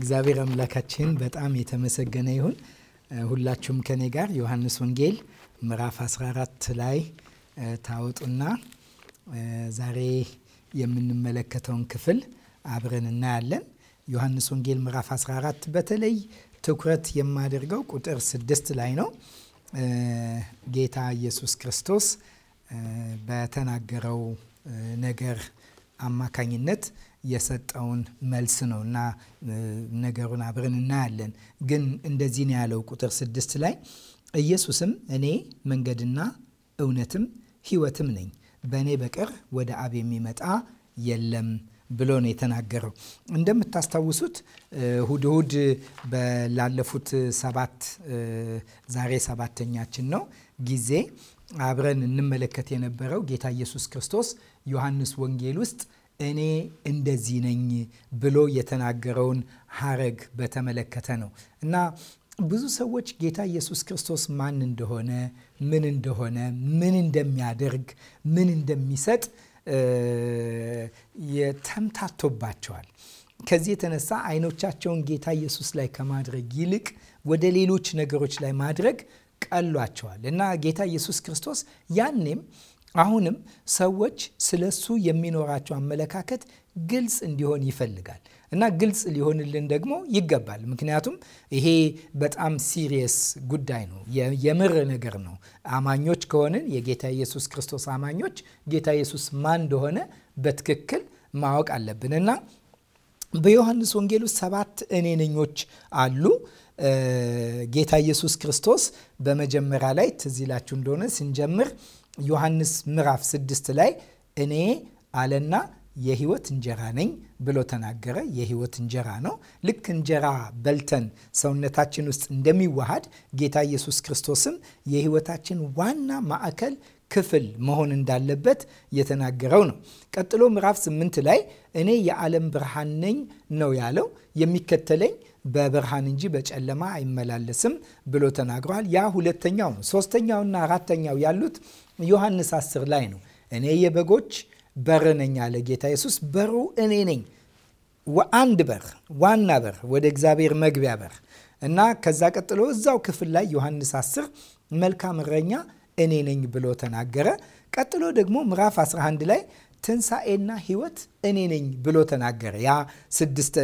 እግዚአብሔር አምላካችን በጣም የተመሰገነ ይሁን። ሁላችሁም ከኔ ጋር ዮሐንስ ወንጌል ምዕራፍ 14 ላይ ታወጡና ዛሬ የምንመለከተውን ክፍል አብረን እናያለን። ዮሐንስ ወንጌል ምዕራፍ 14 በተለይ ትኩረት የማደርገው ቁጥር ስድስት ላይ ነው። ጌታ ኢየሱስ ክርስቶስ በተናገረው ነገር አማካኝነት የሰጠውን መልስ ነው እና ነገሩን አብረን እናያለን። ግን እንደዚህ ነው ያለው ቁጥር ስድስት ላይ ኢየሱስም እኔ መንገድና እውነትም ሕይወትም ነኝ በእኔ በቀር ወደ አብ የሚመጣ የለም ብሎ ነው የተናገረው። እንደምታስታውሱት እሁድ እሁድ በላለፉት ሰባት ዛሬ ሰባተኛችን ነው ጊዜ አብረን እንመለከት የነበረው ጌታ ኢየሱስ ክርስቶስ ዮሐንስ ወንጌል ውስጥ እኔ እንደዚህ ነኝ ብሎ የተናገረውን ሀረግ በተመለከተ ነው እና ብዙ ሰዎች ጌታ ኢየሱስ ክርስቶስ ማን እንደሆነ፣ ምን እንደሆነ፣ ምን እንደሚያደርግ፣ ምን እንደሚሰጥ ተምታቶባቸዋል። ከዚህ የተነሳ አይኖቻቸውን ጌታ ኢየሱስ ላይ ከማድረግ ይልቅ ወደ ሌሎች ነገሮች ላይ ማድረግ ቀሏቸዋል እና ጌታ ኢየሱስ ክርስቶስ ያኔም አሁንም ሰዎች ስለ እሱ የሚኖራቸው አመለካከት ግልጽ እንዲሆን ይፈልጋል እና ግልጽ ሊሆንልን ደግሞ ይገባል። ምክንያቱም ይሄ በጣም ሲሪየስ ጉዳይ ነው፣ የምር ነገር ነው። አማኞች ከሆንን የጌታ ኢየሱስ ክርስቶስ አማኞች ጌታ ኢየሱስ ማን እንደሆነ በትክክል ማወቅ አለብን እና በዮሐንስ ወንጌል ውስጥ ሰባት እኔነኞች አሉ። ጌታ ኢየሱስ ክርስቶስ በመጀመሪያ ላይ ትዝ ይላችሁ እንደሆነ ስንጀምር ዮሐንስ ምዕራፍ ስድስት ላይ እኔ አለና የህይወት እንጀራ ነኝ ብሎ ተናገረ። የህይወት እንጀራ ነው። ልክ እንጀራ በልተን ሰውነታችን ውስጥ እንደሚዋሃድ ጌታ ኢየሱስ ክርስቶስም የህይወታችን ዋና ማዕከል ክፍል መሆን እንዳለበት የተናገረው ነው። ቀጥሎ ምዕራፍ ስምንት ላይ እኔ የዓለም ብርሃን ነኝ ነው ያለው። የሚከተለኝ በብርሃን እንጂ በጨለማ አይመላለስም ብሎ ተናግሯል። ያ ሁለተኛው ነው። ሶስተኛውና አራተኛው ያሉት ዮሐንስ 10 ላይ ነው። እኔ የበጎች በር ነኝ አለ ጌታ ኢየሱስ። በሩ እኔ ነኝ። አንድ በር፣ ዋና በር፣ ወደ እግዚአብሔር መግቢያ በር እና ከዛ ቀጥሎ እዛው ክፍል ላይ ዮሐንስ 10 መልካም እረኛ እኔ ነኝ ብሎ ተናገረ። ቀጥሎ ደግሞ ምዕራፍ 11 ላይ ትንሣኤና ሕይወት እኔ ነኝ ብሎ ተናገረ። ያ ስድስት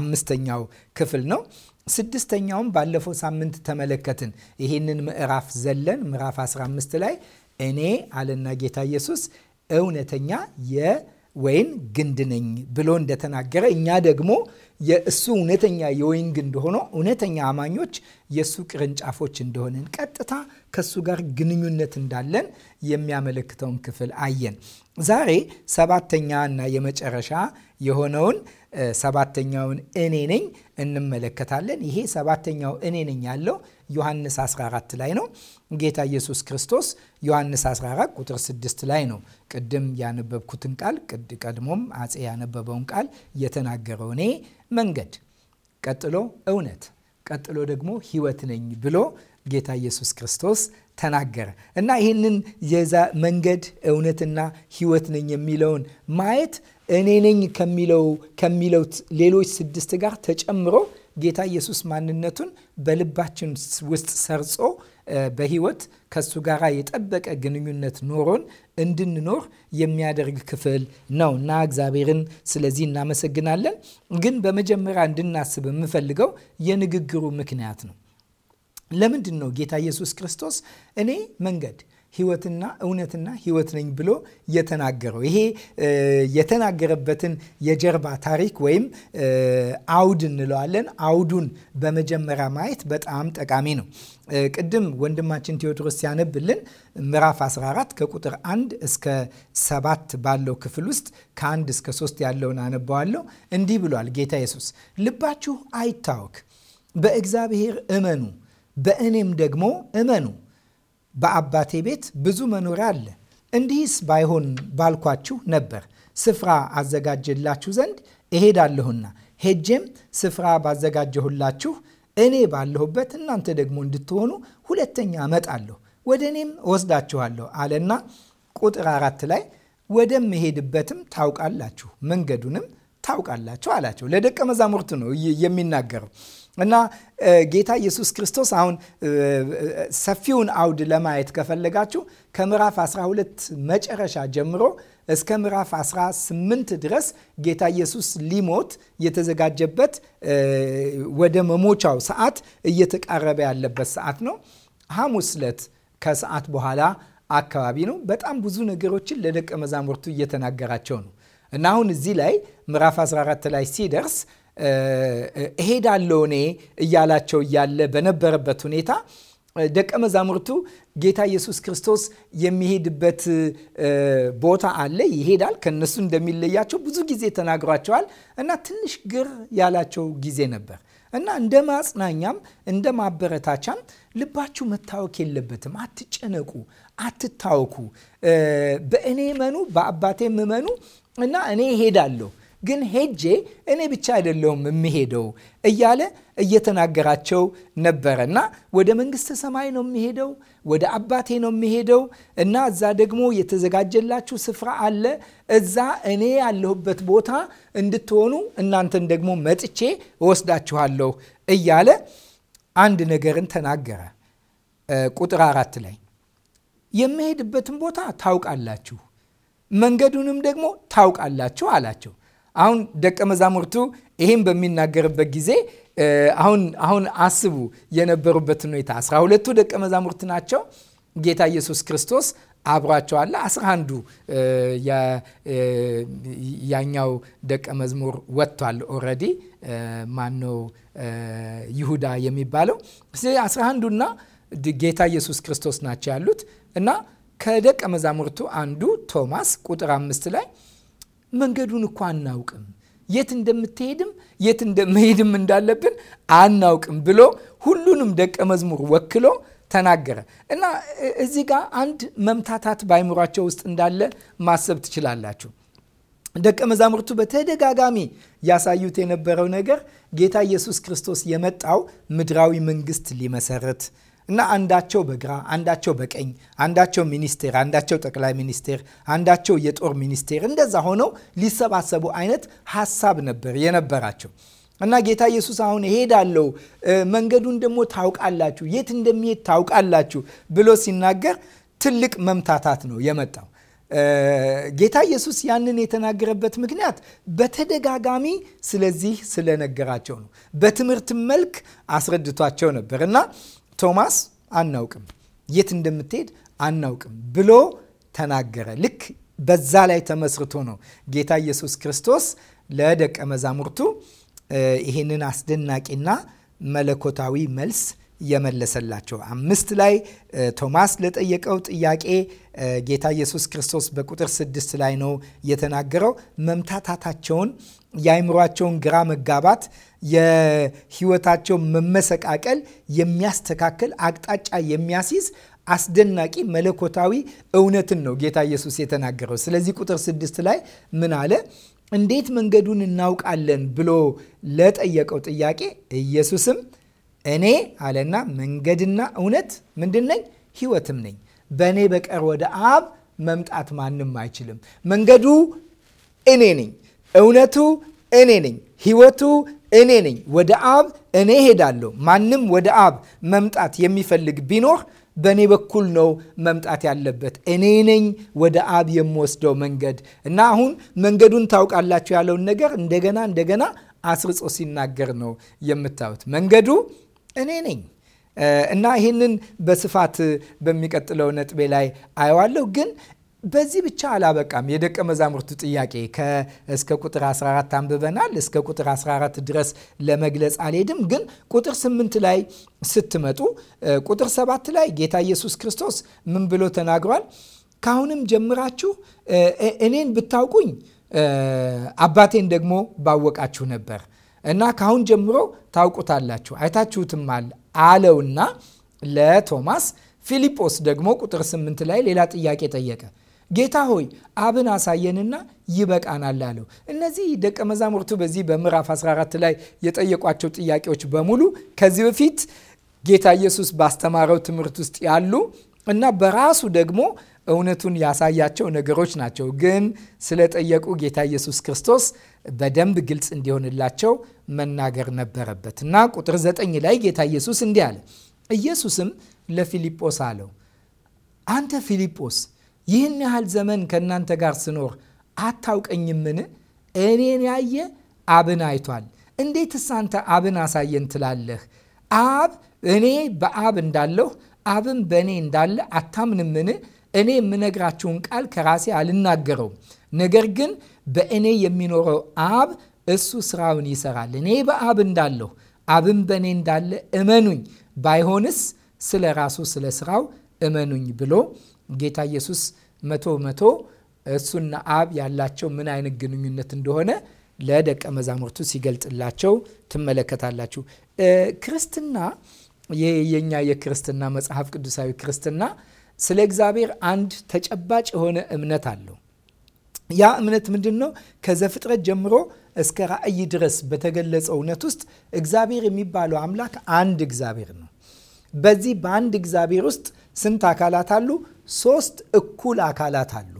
አምስተኛው ክፍል ነው። ስድስተኛውም ባለፈው ሳምንት ተመለከትን። ይህንን ምዕራፍ ዘለን ምዕራፍ 15 ላይ እኔ አለና ጌታ ኢየሱስ እውነተኛ የወይን ግንድ ነኝ ብሎ እንደተናገረ እኛ ደግሞ የእሱ እውነተኛ የወይን ግንድ ሆኖ እውነተኛ አማኞች የእሱ ቅርንጫፎች እንደሆንን ቀጥታ ከእሱ ጋር ግንኙነት እንዳለን የሚያመለክተውን ክፍል አየን። ዛሬ ሰባተኛ እና የመጨረሻ የሆነውን ሰባተኛውን እኔ ነኝ እንመለከታለን። ይሄ ሰባተኛው እኔ ነኝ ያለው ዮሐንስ 14 ላይ ነው። ጌታ ኢየሱስ ክርስቶስ ዮሐንስ 14 ቁጥር 6 ላይ ነው ቅድም ያነበብኩትን ቃል ቀድሞም አፄ ያነበበውን ቃል የተናገረው እኔ መንገድ፣ ቀጥሎ እውነት፣ ቀጥሎ ደግሞ ህይወት ነኝ ብሎ ጌታ ኢየሱስ ክርስቶስ ተናገረ እና ይህንን የዛ መንገድ እውነትና ህይወት ነኝ የሚለውን ማየት እኔ ነኝ ከሚለው ከሚለው ሌሎች ስድስት ጋር ተጨምሮ ጌታ ኢየሱስ ማንነቱን በልባችን ውስጥ ሰርጾ በህይወት ከሱ ጋር የጠበቀ ግንኙነት ኖሮን እንድንኖር የሚያደርግ ክፍል ነው እና እግዚአብሔርን ስለዚህ እናመሰግናለን። ግን በመጀመሪያ እንድናስብ የምፈልገው የንግግሩ ምክንያት ነው። ለምንድን ነው ጌታ ኢየሱስ ክርስቶስ እኔ መንገድ ህይወትና እውነትና ህይወት ነኝ ብሎ የተናገረው ይሄ የተናገረበትን የጀርባ ታሪክ ወይም አውድ እንለዋለን። አውዱን በመጀመሪያ ማየት በጣም ጠቃሚ ነው። ቅድም ወንድማችን ቴዎድሮስ ሲያነብልን ምዕራፍ 14 ከቁጥር 1 እስከ 7 ባለው ክፍል ውስጥ ከ1 እስከ 3 ያለውን አነባዋለሁ። እንዲህ ብሏል ጌታ ኢየሱስ፣ ልባችሁ አይታወክ፣ በእግዚአብሔር እመኑ፣ በእኔም ደግሞ እመኑ በአባቴ ቤት ብዙ መኖሪያ አለ። እንዲህስ ባይሆን ባልኳችሁ ነበር። ስፍራ አዘጋጀላችሁ ዘንድ እሄዳለሁና ሄጄም ስፍራ ባዘጋጀሁላችሁ እኔ ባለሁበት እናንተ ደግሞ እንድትሆኑ ሁለተኛ እመጣለሁ፣ ወደ እኔም እወስዳችኋለሁ አለና ቁጥር አራት ላይ ወደምሄድበትም ታውቃላችሁ፣ መንገዱንም ታውቃላችሁ አላቸው። ለደቀ መዛሙርት ነው የሚናገረው። እና ጌታ ኢየሱስ ክርስቶስ አሁን ሰፊውን አውድ ለማየት ከፈለጋችሁ ከምዕራፍ 12 መጨረሻ ጀምሮ እስከ ምዕራፍ 18 ድረስ ጌታ ኢየሱስ ሊሞት የተዘጋጀበት ወደ መሞቻው ሰዓት እየተቃረበ ያለበት ሰዓት ነው። ሐሙስ ዕለት ከሰዓት በኋላ አካባቢ ነው። በጣም ብዙ ነገሮችን ለደቀ መዛሙርቱ እየተናገራቸው ነው እና አሁን እዚህ ላይ ምዕራፍ 14 ላይ ሲደርስ እሄዳለሁ እኔ እያላቸው እያለ በነበረበት ሁኔታ ደቀ መዛሙርቱ ጌታ ኢየሱስ ክርስቶስ የሚሄድበት ቦታ አለ፣ ይሄዳል። ከነሱ እንደሚለያቸው ብዙ ጊዜ ተናግሯቸዋል እና ትንሽ ግር ያላቸው ጊዜ ነበር እና እንደ ማጽናኛም እንደ ማበረታቻም ልባችሁ መታወክ የለበትም፣ አትጨነቁ፣ አትታወኩ፣ በእኔ እመኑ፣ በአባቴም እመኑ እና እኔ እሄዳለሁ ግን ሄጄ እኔ ብቻ አይደለሁም የሚሄደው እያለ እየተናገራቸው ነበረ እና ወደ መንግስተ ሰማይ ነው የሚሄደው፣ ወደ አባቴ ነው የሚሄደው እና እዛ ደግሞ የተዘጋጀላችሁ ስፍራ አለ። እዛ እኔ ያለሁበት ቦታ እንድትሆኑ እናንተን ደግሞ መጥቼ እወስዳችኋለሁ እያለ አንድ ነገርን ተናገረ። ቁጥር አራት ላይ የምሄድበትን ቦታ ታውቃላችሁ መንገዱንም ደግሞ ታውቃላችሁ አላቸው። አሁን ደቀ መዛሙርቱ ይህም በሚናገርበት ጊዜ አሁን አሁን አስቡ የነበሩበትን ሁኔታ አስራ ሁለቱ ደቀ መዛሙርት ናቸው። ጌታ ኢየሱስ ክርስቶስ አብሯቸው አለ። አስራ አንዱ ያኛው ደቀ መዝሙር ወጥቷል ኦልሬዲ ማነው ይሁዳ የሚባለው አስራ አንዱና ጌታ ኢየሱስ ክርስቶስ ናቸው ያሉት እና ከደቀ መዛሙርቱ አንዱ ቶማስ ቁጥር አምስት ላይ መንገዱን እኮ አናውቅም፣ የት እንደምትሄድም የት እንደመሄድም እንዳለብን አናውቅም ብሎ ሁሉንም ደቀ መዝሙር ወክሎ ተናገረ እና እዚህ ጋር አንድ መምታታት በአይምሯቸው ውስጥ እንዳለ ማሰብ ትችላላችሁ። ደቀ መዛሙርቱ በተደጋጋሚ ያሳዩት የነበረው ነገር ጌታ ኢየሱስ ክርስቶስ የመጣው ምድራዊ መንግስት ሊመሰረት እና አንዳቸው በግራ አንዳቸው በቀኝ አንዳቸው ሚኒስቴር አንዳቸው ጠቅላይ ሚኒስቴር አንዳቸው የጦር ሚኒስቴር እንደዛ ሆነው ሊሰባሰቡ አይነት ሀሳብ ነበር የነበራቸው እና ጌታ ኢየሱስ አሁን እሄዳለሁ መንገዱን ደግሞ ታውቃላችሁ፣ የት እንደሚሄድ ታውቃላችሁ ብሎ ሲናገር ትልቅ መምታታት ነው የመጣው። ጌታ ኢየሱስ ያንን የተናገረበት ምክንያት በተደጋጋሚ ስለዚህ ስለነገራቸው ነው። በትምህርት መልክ አስረድቷቸው ነበር እና ቶማስ አናውቅም፣ የት እንደምትሄድ አናውቅም ብሎ ተናገረ። ልክ በዛ ላይ ተመስርቶ ነው ጌታ ኢየሱስ ክርስቶስ ለደቀ መዛሙርቱ ይህንን አስደናቂና መለኮታዊ መልስ የመለሰላቸው አምስት ላይ ቶማስ ለጠየቀው ጥያቄ ጌታ ኢየሱስ ክርስቶስ በቁጥር ስድስት ላይ ነው የተናገረው። መምታታታቸውን የአይምሯቸውን ግራ መጋባት የህይወታቸው መመሰቃቀል የሚያስተካክል አቅጣጫ የሚያስይዝ አስደናቂ መለኮታዊ እውነትን ነው ጌታ ኢየሱስ የተናገረው። ስለዚህ ቁጥር ስድስት ላይ ምን አለ? እንዴት መንገዱን እናውቃለን ብሎ ለጠየቀው ጥያቄ ኢየሱስም እኔ አለና መንገድና እውነት ምንድን ነኝ? ህይወትም ነኝ። በእኔ በቀር ወደ አብ መምጣት ማንም አይችልም። መንገዱ እኔ ነኝ፣ እውነቱ እኔ ነኝ፣ ህይወቱ እኔ ነኝ። ወደ አብ እኔ ሄዳለሁ። ማንም ወደ አብ መምጣት የሚፈልግ ቢኖር በእኔ በኩል ነው መምጣት ያለበት። እኔ ነኝ ወደ አብ የምወስደው መንገድ እና አሁን መንገዱን ታውቃላችሁ ያለውን ነገር እንደገና እንደገና አስርጾ ሲናገር ነው የምታዩት። መንገዱ እኔ ነኝ እና ይህንን በስፋት በሚቀጥለው ነጥቤ ላይ አየዋለሁ። ግን በዚህ ብቻ አላበቃም። የደቀ መዛሙርቱ ጥያቄ እስከ ቁጥር 14 አንብበናል። እስከ ቁጥር 14 ድረስ ለመግለጽ አልሄድም፣ ግን ቁጥር 8 ላይ ስትመጡ ቁጥር 7 ላይ ጌታ ኢየሱስ ክርስቶስ ምን ብሎ ተናግሯል? ካሁንም ጀምራችሁ እኔን ብታውቁኝ አባቴን ደግሞ ባወቃችሁ ነበር እና ካሁን ጀምሮ ታውቁታላችሁ አይታችሁትማል አለውና ለቶማስ ፊልጶስ ደግሞ ቁጥር 8 ላይ ሌላ ጥያቄ ጠየቀ። ጌታ ሆይ አብን አሳየንና ይበቃናል አለው። እነዚህ ደቀ መዛሙርቱ በዚህ በምዕራፍ 14 ላይ የጠየቋቸው ጥያቄዎች በሙሉ ከዚህ በፊት ጌታ ኢየሱስ ባስተማረው ትምህርት ውስጥ ያሉ እና በራሱ ደግሞ እውነቱን ያሳያቸው ነገሮች ናቸው። ግን ስለጠየቁ ጌታ ኢየሱስ ክርስቶስ በደንብ ግልጽ እንዲሆንላቸው መናገር ነበረበት እና ቁጥር ዘጠኝ ላይ ጌታ ኢየሱስ እንዲህ አለ። ኢየሱስም ለፊልጶስ አለው፣ አንተ ፊልጶስ ይህን ያህል ዘመን ከእናንተ ጋር ስኖር አታውቀኝምን? እኔን ያየ አብን አይቷል። እንዴትስ አንተ አብን አሳየን ትላለህ? አብ እኔ በአብ እንዳለሁ አብን በእኔ እንዳለ አታምንምን? እኔ የምነግራችሁን ቃል ከራሴ አልናገረውም፣ ነገር ግን በእኔ የሚኖረው አብ እሱ ስራውን ይሰራል። እኔ በአብ እንዳለሁ አብን በእኔ እንዳለ እመኑኝ፣ ባይሆንስ ስለ ራሱ ስለ ስራው እመኑኝ ብሎ ጌታ ኢየሱስ መቶ መቶ እሱና አብ ያላቸው ምን አይነት ግንኙነት እንደሆነ ለደቀ መዛሙርቱ ሲገልጥላቸው ትመለከታላችሁ። ክርስትና ይህ የኛ የክርስትና መጽሐፍ ቅዱሳዊ ክርስትና ስለ እግዚአብሔር አንድ ተጨባጭ የሆነ እምነት አለው። ያ እምነት ምንድን ነው? ከዘፍጥረት ጀምሮ እስከ ራእይ ድረስ በተገለጸው እውነት ውስጥ እግዚአብሔር የሚባለው አምላክ አንድ እግዚአብሔር ነው። በዚህ በአንድ እግዚአብሔር ውስጥ ስንት አካላት አሉ? ሶስት እኩል አካላት አሉ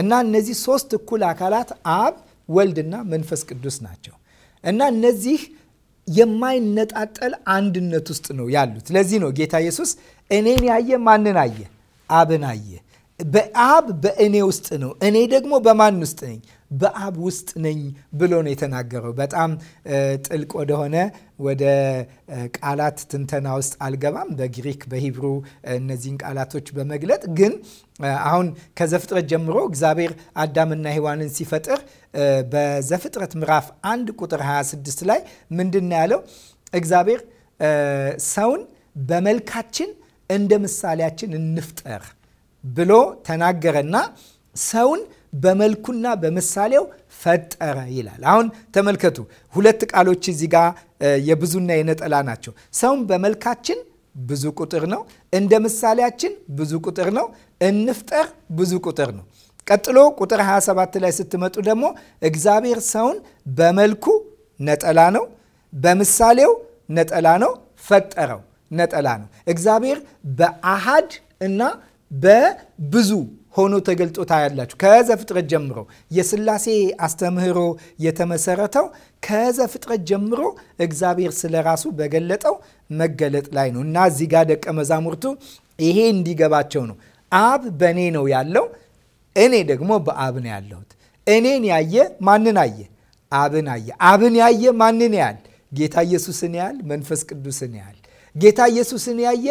እና እነዚህ ሶስት እኩል አካላት አብ፣ ወልድና መንፈስ ቅዱስ ናቸው እና እነዚህ የማይነጣጠል አንድነት ውስጥ ነው ያሉት። ለዚህ ነው ጌታ ኢየሱስ እኔን ያየ ማንን አየ? አብን አየ። በአብ በእኔ ውስጥ ነው፣ እኔ ደግሞ በማን ውስጥ ነኝ? በአብ ውስጥ ነኝ ብሎ ነው የተናገረው። በጣም ጥልቅ ወደሆነ ወደ ቃላት ትንተና ውስጥ አልገባም። በግሪክ በሂብሩ እነዚህን ቃላቶች በመግለጥ ግን አሁን ከዘፍጥረት ጀምሮ እግዚአብሔር አዳምና ሔዋንን ሲፈጥር በዘፍጥረት ምዕራፍ አንድ ቁጥር 26 ላይ ምንድን ያለው እግዚአብሔር ሰውን በመልካችን እንደ ምሳሌያችን እንፍጠር ብሎ ተናገረና ሰውን በመልኩና በምሳሌው ፈጠረ ይላል። አሁን ተመልከቱ፣ ሁለት ቃሎች እዚህ ጋር የብዙና የነጠላ ናቸው። ሰውም በመልካችን ብዙ ቁጥር ነው፣ እንደ ምሳሌያችን ብዙ ቁጥር ነው፣ እንፍጠር ብዙ ቁጥር ነው። ቀጥሎ ቁጥር 27 ላይ ስትመጡ ደግሞ እግዚአብሔር ሰውን በመልኩ ነጠላ ነው፣ በምሳሌው ነጠላ ነው፣ ፈጠረው ነጠላ ነው። እግዚአብሔር በአሃድ እና በብዙ ሆኖ ተገልጦ ታያላችሁ። ከዘፍጥረት ጀምሮ የስላሴ አስተምህሮ የተመሰረተው ከዘፍጥረት ጀምሮ እግዚአብሔር ስለ ራሱ በገለጠው መገለጥ ላይ ነው እና እዚህ ጋር ደቀ መዛሙርቱ ይሄ እንዲገባቸው ነው። አብ በእኔ ነው ያለው፣ እኔ ደግሞ በአብ ነው ያለሁት። እኔን ያየ ማንን አየ? አብን አየ። አብን ያየ ማንን ያል ጌታ ኢየሱስን ያህል? መንፈስ ቅዱስን ያል። ጌታ ኢየሱስን ያየ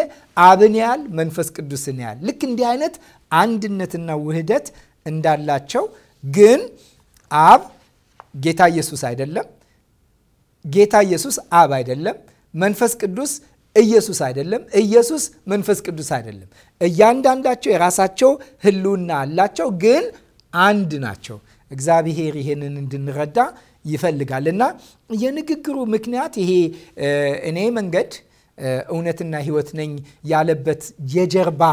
አብን ያያል፣ መንፈስ ቅዱስን ያያል። ልክ እንዲህ አይነት አንድነትና ውህደት እንዳላቸው ግን አብ ጌታ ኢየሱስ አይደለም፣ ጌታ ኢየሱስ አብ አይደለም፣ መንፈስ ቅዱስ ኢየሱስ አይደለም፣ ኢየሱስ መንፈስ ቅዱስ አይደለም። እያንዳንዳቸው የራሳቸው ህልውና አላቸው፣ ግን አንድ ናቸው። እግዚአብሔር ይሄንን እንድንረዳ ይፈልጋል እና የንግግሩ ምክንያት ይሄ እኔ መንገድ እውነትና ህይወት ነኝ ያለበት የጀርባ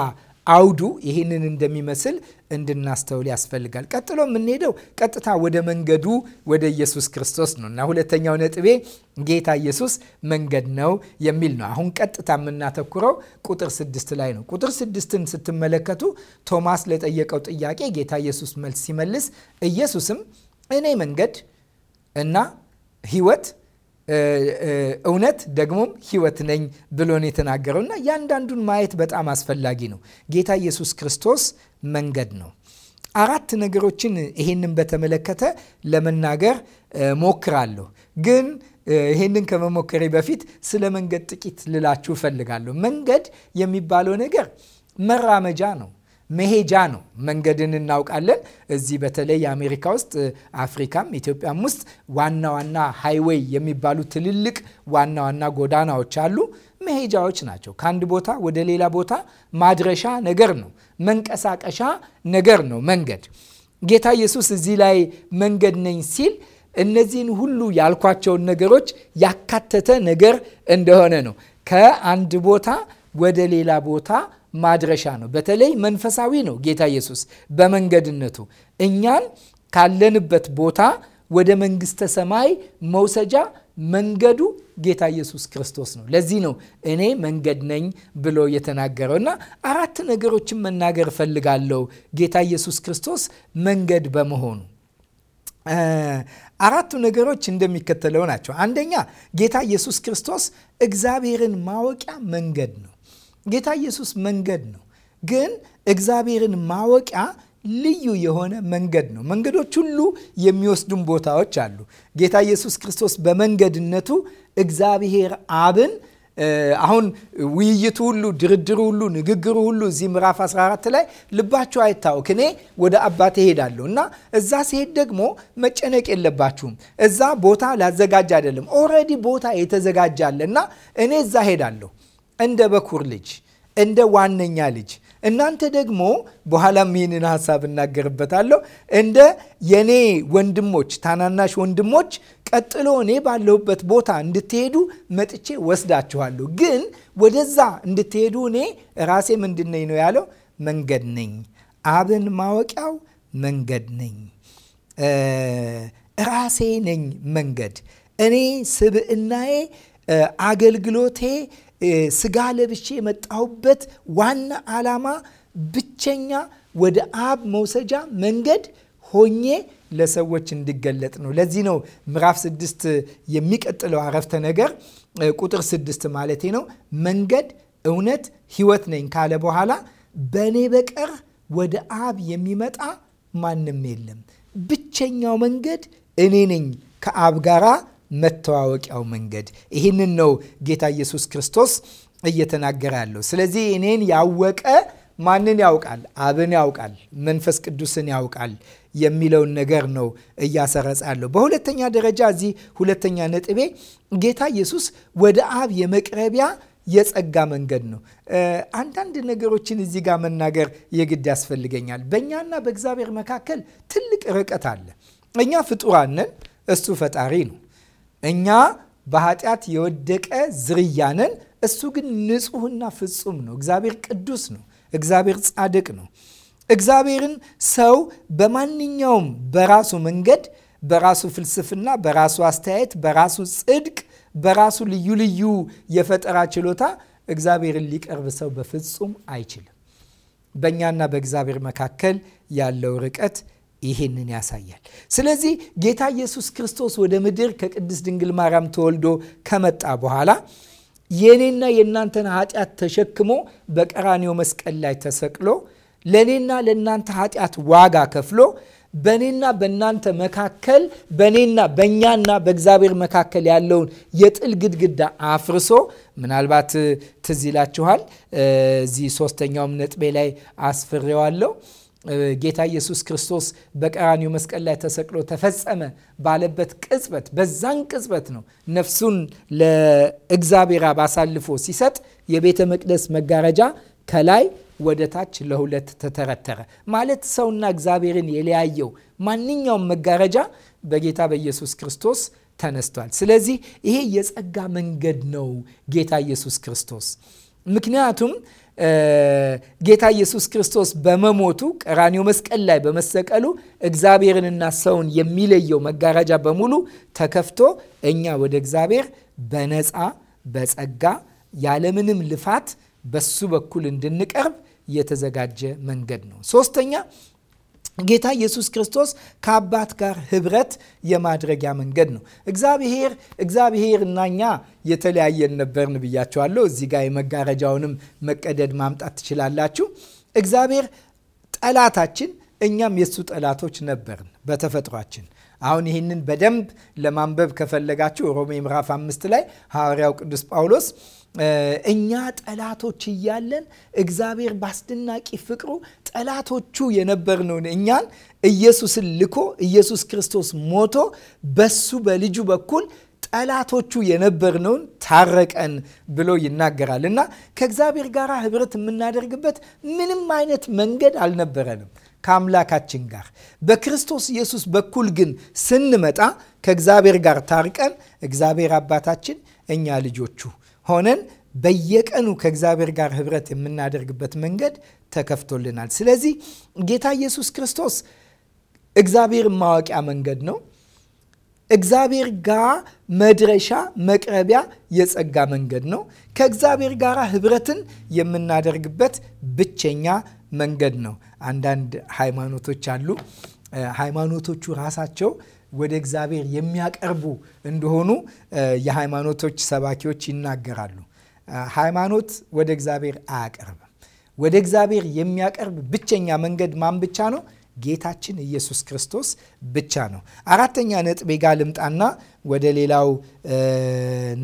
አውዱ ይህንን እንደሚመስል እንድናስተውል ያስፈልጋል። ቀጥሎ የምንሄደው ቀጥታ ወደ መንገዱ ወደ ኢየሱስ ክርስቶስ ነው እና ሁለተኛው ነጥቤ ጌታ ኢየሱስ መንገድ ነው የሚል ነው። አሁን ቀጥታ የምናተኩረው ቁጥር ስድስት ላይ ነው። ቁጥር ስድስትን ስትመለከቱ ቶማስ ለጠየቀው ጥያቄ ጌታ ኢየሱስ መልስ ሲመልስ ኢየሱስም እኔ መንገድ እና ህይወት እውነት ደግሞም ህይወት ነኝ ብሎ ነው የተናገረው እና ያንዳንዱን ማየት በጣም አስፈላጊ ነው። ጌታ ኢየሱስ ክርስቶስ መንገድ ነው። አራት ነገሮችን ይሄንን በተመለከተ ለመናገር ሞክራለሁ ግን ይህንን ከመሞከሬ በፊት ስለ መንገድ ጥቂት ልላችሁ እፈልጋለሁ። መንገድ የሚባለው ነገር መራመጃ ነው። መሄጃ ነው። መንገድን እናውቃለን። እዚህ በተለይ አሜሪካ ውስጥ አፍሪካም ኢትዮጵያም ውስጥ ዋና ዋና ሃይዌይ የሚባሉ ትልልቅ ዋና ዋና ጎዳናዎች አሉ። መሄጃዎች ናቸው። ከአንድ ቦታ ወደ ሌላ ቦታ ማድረሻ ነገር ነው። መንቀሳቀሻ ነገር ነው መንገድ። ጌታ ኢየሱስ እዚህ ላይ መንገድ ነኝ ሲል እነዚህን ሁሉ ያልኳቸውን ነገሮች ያካተተ ነገር እንደሆነ ነው ከአንድ ቦታ ወደ ሌላ ቦታ ማድረሻ ነው። በተለይ መንፈሳዊ ነው። ጌታ ኢየሱስ በመንገድነቱ እኛን ካለንበት ቦታ ወደ መንግስተ ሰማይ መውሰጃ መንገዱ ጌታ ኢየሱስ ክርስቶስ ነው። ለዚህ ነው እኔ መንገድ ነኝ ብሎ የተናገረው እና አራት ነገሮችን መናገር እፈልጋለሁ ጌታ ኢየሱስ ክርስቶስ መንገድ በመሆኑ አራቱ ነገሮች እንደሚከተለው ናቸው። አንደኛ ጌታ ኢየሱስ ክርስቶስ እግዚአብሔርን ማወቂያ መንገድ ነው። ጌታ ኢየሱስ መንገድ ነው፣ ግን እግዚአብሔርን ማወቂያ ልዩ የሆነ መንገድ ነው። መንገዶች ሁሉ የሚወስዱን ቦታዎች አሉ። ጌታ ኢየሱስ ክርስቶስ በመንገድነቱ እግዚአብሔር አብን አሁን ውይይቱ ሁሉ ድርድሩ ሁሉ ንግግሩ ሁሉ እዚህ ምዕራፍ 14 ላይ ልባችሁ አይታወክ፣ እኔ ወደ አባት እሄዳለሁ እና እዛ ሲሄድ ደግሞ መጨነቅ የለባችሁም፣ እዛ ቦታ ላዘጋጅ አይደለም ኦልሬዲ ቦታ የተዘጋጃለ እና እኔ እዛ ሄዳለሁ እንደ በኩር ልጅ፣ እንደ ዋነኛ ልጅ እናንተ ደግሞ በኋላም ይህንን ሀሳብ እናገርበታለሁ። እንደ የኔ ወንድሞች፣ ታናናሽ ወንድሞች ቀጥሎ እኔ ባለሁበት ቦታ እንድትሄዱ መጥቼ ወስዳችኋለሁ። ግን ወደዛ እንድትሄዱ እኔ ራሴ ምንድን ነኝ ነው ያለው? መንገድ ነኝ። አብን ማወቂያው መንገድ ነኝ። ራሴ ነኝ መንገድ። እኔ ስብዕናዬ፣ አገልግሎቴ ስጋ ለብሼ የመጣሁበት ዋና ዓላማ ብቸኛ ወደ አብ መውሰጃ መንገድ ሆኜ ለሰዎች እንዲገለጥ ነው። ለዚህ ነው ምዕራፍ ስድስት የሚቀጥለው አረፍተ ነገር ቁጥር ስድስት ማለቴ ነው መንገድ እውነት ሕይወት ነኝ ካለ በኋላ በእኔ በቀር ወደ አብ የሚመጣ ማንም የለም፣ ብቸኛው መንገድ እኔ ነኝ ከአብ ጋራ መተዋወቂያው መንገድ ይህንን ነው ጌታ ኢየሱስ ክርስቶስ እየተናገረ ያለው። ስለዚህ እኔን ያወቀ ማንን ያውቃል? አብን ያውቃል፣ መንፈስ ቅዱስን ያውቃል የሚለውን ነገር ነው እያሰረጸ ያለው። በሁለተኛ ደረጃ እዚህ ሁለተኛ ነጥቤ ጌታ ኢየሱስ ወደ አብ የመቅረቢያ የጸጋ መንገድ ነው። አንዳንድ ነገሮችን እዚህ ጋር መናገር የግድ ያስፈልገኛል። በእኛና በእግዚአብሔር መካከል ትልቅ ርቀት አለ። እኛ ፍጡራን ነን፣ እሱ ፈጣሪ ነው። እኛ በኃጢአት የወደቀ ዝርያ ነን። እሱ ግን ንጹሕና ፍጹም ነው። እግዚአብሔር ቅዱስ ነው። እግዚአብሔር ጻድቅ ነው። እግዚአብሔርን ሰው በማንኛውም በራሱ መንገድ፣ በራሱ ፍልስፍና፣ በራሱ አስተያየት፣ በራሱ ጽድቅ፣ በራሱ ልዩ ልዩ የፈጠራ ችሎታ እግዚአብሔርን ሊቀርብ ሰው በፍጹም አይችልም። በእኛና በእግዚአብሔር መካከል ያለው ርቀት ይሄንን ያሳያል። ስለዚህ ጌታ ኢየሱስ ክርስቶስ ወደ ምድር ከቅድስት ድንግል ማርያም ተወልዶ ከመጣ በኋላ የእኔና የእናንተን ኃጢአት ተሸክሞ በቀራኔው መስቀል ላይ ተሰቅሎ ለእኔና ለእናንተ ኃጢአት ዋጋ ከፍሎ በእኔና በእናንተ መካከል በእኔና በእኛና በእግዚአብሔር መካከል ያለውን የጥል ግድግዳ አፍርሶ ምናልባት ትዝ ይላችኋል። እዚህ ሶስተኛውም ነጥቤ ላይ አስፍሬዋለሁ። ጌታ ኢየሱስ ክርስቶስ በቀራኒው መስቀል ላይ ተሰቅሎ ተፈጸመ ባለበት ቅጽበት በዛን ቅጽበት ነው ነፍሱን ለእግዚአብሔር አሳልፎ ሲሰጥ የቤተ መቅደስ መጋረጃ ከላይ ወደ ታች ለሁለት ተተረተረ። ማለት ሰውና እግዚአብሔርን የለያየው ማንኛውም መጋረጃ በጌታ በኢየሱስ ክርስቶስ ተነስቷል። ስለዚህ ይሄ የጸጋ መንገድ ነው ጌታ ኢየሱስ ክርስቶስ ምክንያቱም ጌታ ኢየሱስ ክርስቶስ በመሞቱ ቀራኒው መስቀል ላይ በመሰቀሉ እግዚአብሔርንና ሰውን የሚለየው መጋረጃ በሙሉ ተከፍቶ እኛ ወደ እግዚአብሔር በነፃ በጸጋ ያለምንም ልፋት በሱ በኩል እንድንቀርብ የተዘጋጀ መንገድ ነው። ሶስተኛ ጌታ ኢየሱስ ክርስቶስ ከአባት ጋር ህብረት የማድረጊያ መንገድ ነው። እግዚአብሔር እግዚአብሔር እና እኛ የተለያየን ነበርን ብያቸዋለሁ። እዚህ ጋር የመጋረጃውንም መቀደድ ማምጣት ትችላላችሁ። እግዚአብሔር ጠላታችን፣ እኛም የሱ ጠላቶች ነበርን በተፈጥሯችን። አሁን ይህንን በደንብ ለማንበብ ከፈለጋችሁ ሮሜ ምዕራፍ አምስት ላይ ሐዋርያው ቅዱስ ጳውሎስ እኛ ጠላቶች እያለን እግዚአብሔር በአስደናቂ ፍቅሩ ጠላቶቹ የነበርነውን እኛን ኢየሱስን ልኮ ኢየሱስ ክርስቶስ ሞቶ በሱ በልጁ በኩል ጠላቶቹ የነበርነውን ታረቀን ብሎ ይናገራል እና ከእግዚአብሔር ጋር ህብረት የምናደርግበት ምንም አይነት መንገድ አልነበረንም ከአምላካችን ጋር በክርስቶስ ኢየሱስ በኩል ግን ስንመጣ ከእግዚአብሔር ጋር ታርቀን እግዚአብሔር አባታችን እኛ ልጆቹ ሆነን በየቀኑ ከእግዚአብሔር ጋር ህብረት የምናደርግበት መንገድ ተከፍቶልናል። ስለዚህ ጌታ ኢየሱስ ክርስቶስ እግዚአብሔር ማወቂያ መንገድ ነው። እግዚአብሔር ጋር መድረሻ መቅረቢያ የጸጋ መንገድ ነው። ከእግዚአብሔር ጋር ህብረትን የምናደርግበት ብቸኛ መንገድ ነው። አንዳንድ ሃይማኖቶች አሉ ሃይማኖቶቹ ራሳቸው ወደ እግዚአብሔር የሚያቀርቡ እንደሆኑ የሃይማኖቶች ሰባኪዎች ይናገራሉ። ሃይማኖት ወደ እግዚአብሔር አያቀርብም። ወደ እግዚአብሔር የሚያቀርብ ብቸኛ መንገድ ማን ብቻ ነው? ጌታችን ኢየሱስ ክርስቶስ ብቻ ነው። አራተኛ ነጥቤ ጋር ልምጣና ወደ ሌላው